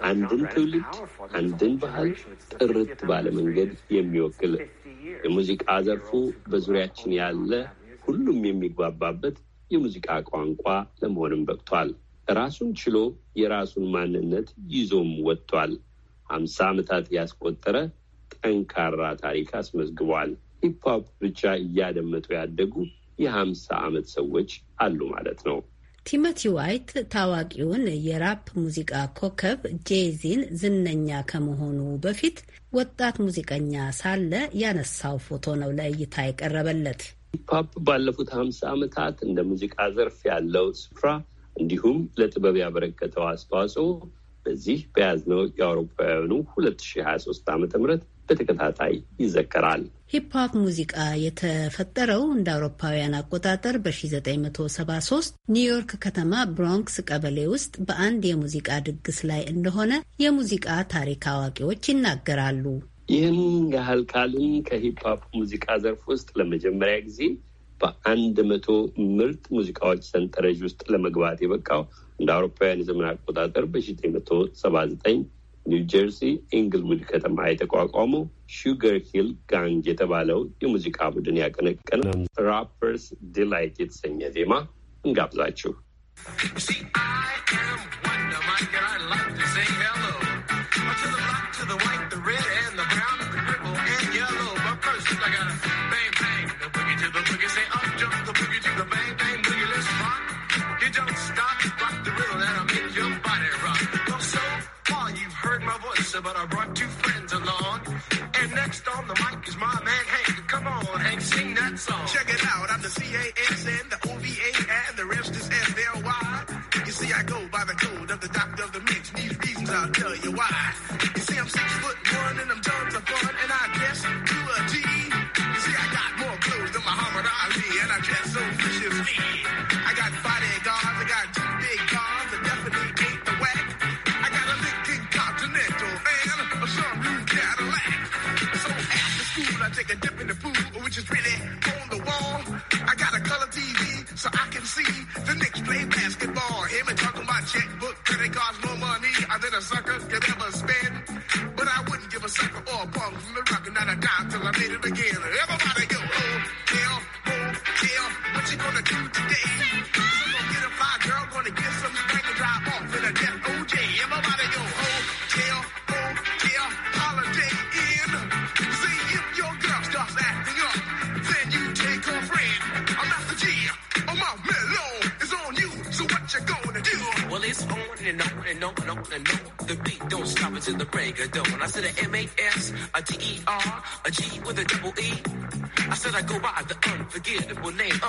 አንድን ትውልድ አንድን ባህል ጥርት ባለ መንገድ የሚወክል የሙዚቃ ዘርፉ በዙሪያችን ያለ ሁሉም የሚግባባበት የሙዚቃ ቋንቋ ለመሆንም በቅቷል። ራሱን ችሎ የራሱን ማንነት ይዞም ወጥቷል። አምሳ ዓመታት ያስቆጠረ ጠንካራ ታሪክ አስመዝግቧል። ሂፕሆፕ ብቻ እያደመጡ ያደጉ የሀምሳ ዓመት ሰዎች አሉ ማለት ነው። ቲሞቲ ዋይት ታዋቂውን የራፕ ሙዚቃ ኮከብ ጄዚን ዝነኛ ከመሆኑ በፊት ወጣት ሙዚቀኛ ሳለ ያነሳው ፎቶ ነው ለእይታ የቀረበለት። ሂፕሆፕ ባለፉት ሀምሳ ዓመታት እንደ ሙዚቃ ዘርፍ ያለው ስፍራ እንዲሁም ለጥበብ ያበረከተው አስተዋጽኦ በዚህ በያዝነው የአውሮፓውያኑ 2023 ዓ ም በተከታታይ ይዘከራል። ሂፕ ሙዚቃ የተፈጠረው እንደ አውሮፓውያን አቆጣጠር በ1973 ኒውዮርክ ከተማ ብሮንክስ ቀበሌ ውስጥ በአንድ የሙዚቃ ድግስ ላይ እንደሆነ የሙዚቃ ታሪክ አዋቂዎች ይናገራሉ። ይህን ያህል ካልን ከሂፕ ሙዚቃ ዘርፍ ውስጥ ለመጀመሪያ ጊዜ በአንድ መቶ ምርጥ ሙዚቃዎች ሰንጠረዥ ውስጥ ለመግባት የበቃው እንደ አውሮፓውያን የዘመን አቆጣጠር በ1979 ኒውጀርሲ ኢንግልውድ ከተማ የተቋቋመው ሹገር ሂል ጋንግ የተባለው የሙዚቃ ቡድን ያቀነቀነ ራፐርስ ዲላይት የተሰኘ ዜማ እንጋብዛችሁ። I go by the code of the doctor of the mix. These reasons I'll tell you why.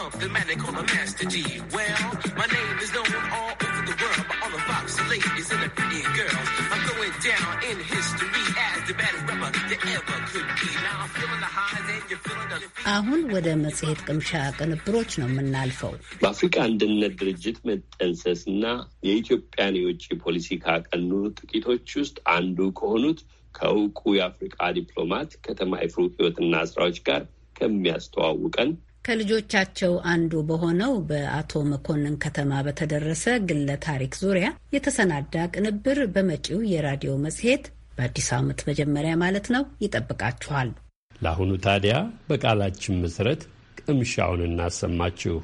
of the man they call a Master G. Well, my name is known all over the world by all the foxy ladies and the pretty girls. I'm going down in history as the baddest rapper that ever could be. Now I'm feeling the highs and you're feeling the... አሁን ወደ መጽሔት ቅምሻ ቅንብሮች ነው የምናልፈው። በአፍሪካ አንድነት ድርጅት መጠንሰስ መጠንሰስና የኢትዮጵያን የውጭ ፖሊሲ ካቀኑ ጥቂቶች ውስጥ አንዱ ከሆኑት ከእውቁ የአፍሪቃ ዲፕሎማት ከተማ ይፍሩ ሕይወትና ስራዎች ጋር ከሚያስተዋውቀን ከልጆቻቸው አንዱ በሆነው በአቶ መኮንን ከተማ በተደረሰ ግለ ታሪክ ዙሪያ የተሰናዳ ቅንብር በመጪው የራዲዮ መጽሔት በአዲስ ዓመት መጀመሪያ ማለት ነው ይጠብቃችኋል። ለአሁኑ ታዲያ በቃላችን መሰረት ቅምሻውን እናሰማችሁ።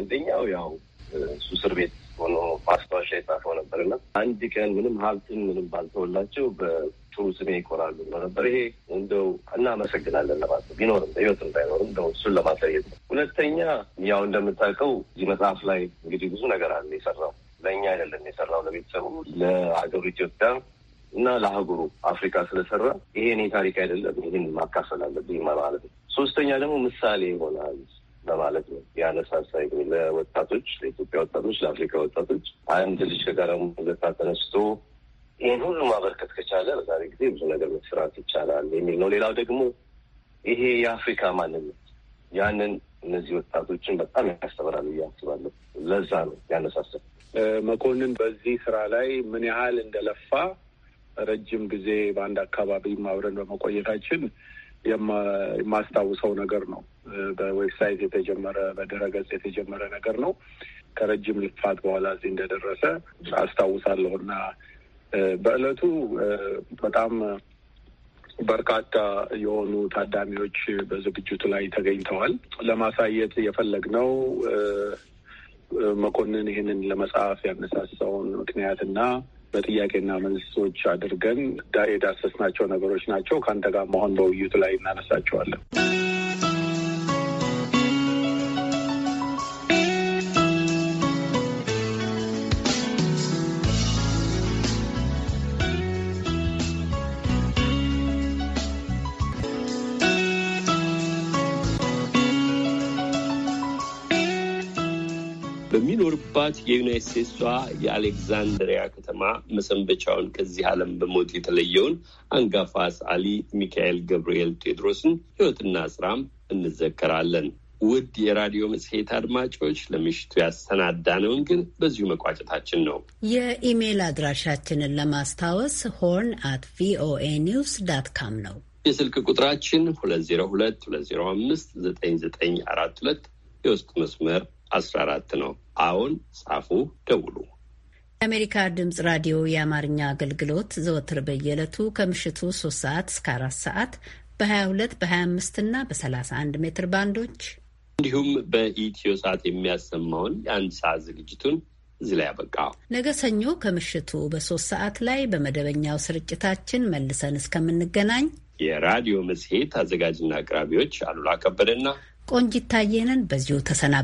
አንደኛው ያው እሱ እስር ቤት ሆኖ ማስታወሻ የጻፈው ነበርና አንድ ቀን ምንም ሀብትን ምንም ባልተወላቸው በጥሩ ስሜ ይኮራሉ ብሎ ነበር። ይሄ እንደው እናመሰግናለን ለማለት ቢኖርም ህይወት እንዳይኖርም እንደው እሱን ለማሳየት ነው። ሁለተኛ ያው እንደምታውቀው እዚህ መጽሐፍ ላይ እንግዲህ ብዙ ነገር አለ የሰራው ለእኛ አይደለም የሰራው ለቤተሰቡ፣ ለሀገሩ ኢትዮጵያ እና ለአህጉሩ አፍሪካ ስለሰራ ይሄ እኔ ታሪክ አይደለም፣ ይህን ማካፈል አለብኝ ማለት ነው። ሶስተኛ ደግሞ ምሳሌ ይሆናል በማለት ነው ያነሳሳ ለወጣቶች፣ ለኢትዮጵያ ወጣቶች፣ ለአፍሪካ ወጣቶች አንድ ልጅ ከጋራ ከጋለሞታ ተነስቶ ይህን ሁሉ ማበርከት ከቻለ በዛሬ ጊዜ ብዙ ነገር መስራት ይቻላል የሚል ነው። ሌላው ደግሞ ይሄ የአፍሪካ ማንነት ያንን እነዚህ ወጣቶችን በጣም ያስተምራል ብዬ አስባለሁ። ለዛ ነው ያነሳሳ። መኮንን በዚህ ስራ ላይ ምን ያህል እንደለፋ ረጅም ጊዜ በአንድ አካባቢ አብረን በመቆየታችን የማስታውሰው ነገር ነው። በዌብሳይት የተጀመረ በድረገጽ የተጀመረ ነገር ነው። ከረጅም ልፋት በኋላ እዚህ እንደደረሰ አስታውሳለሁ እና በእለቱ በጣም በርካታ የሆኑ ታዳሚዎች በዝግጅቱ ላይ ተገኝተዋል። ለማሳየት የፈለግነው መኮንን ይህንን ለመጽሐፍ ያነሳሳውን ምክንያትና በጥያቄና መልሶች አድርገን የዳሰስናቸው ነገሮች ናቸው። ከአንተ ጋር መሆን በውይይቱ ላይ እናነሳቸዋለን። አባት የዩናይት ስቴትሷ የአሌክዛንድሪያ ከተማ መሰንበቻውን ከዚህ ዓለም በሞት የተለየውን አንጋፋ ሰዓሊ ሚካኤል ገብርኤል ቴድሮስን ሕይወትና ስራም እንዘከራለን። ውድ የራዲዮ መጽሔት አድማጮች ለምሽቱ ያሰናዳነውን ግን በዚሁ መቋጨታችን ነው። የኢሜይል አድራሻችንን ለማስታወስ ሆርን አት ቪኦኤ ኒውስ ዳት ካም ነው። የስልክ ቁጥራችን 2022059942 የውስጥ መስመር አስራ አራት ነው። አሁን ጻፉ፣ ደውሉ። የአሜሪካ ድምፅ ራዲዮ የአማርኛ አገልግሎት ዘወትር በየዕለቱ ከምሽቱ 3 ሰዓት እስከ 4 ሰዓት በ22 በ25 እና በ31 ሜትር ባንዶች እንዲሁም በኢትዮ ሰዓት የሚያሰማውን የአንድ ሰዓት ዝግጅቱን እዚህ ላይ ያበቃ። ነገ ሰኞ ከምሽቱ በሶስት ሰዓት ላይ በመደበኛው ስርጭታችን መልሰን እስከምንገናኝ የራዲዮ መጽሔት አዘጋጅና አቅራቢዎች አሉላ ከበደና ቆንጂት ታየንን በዚሁ ተሰናብ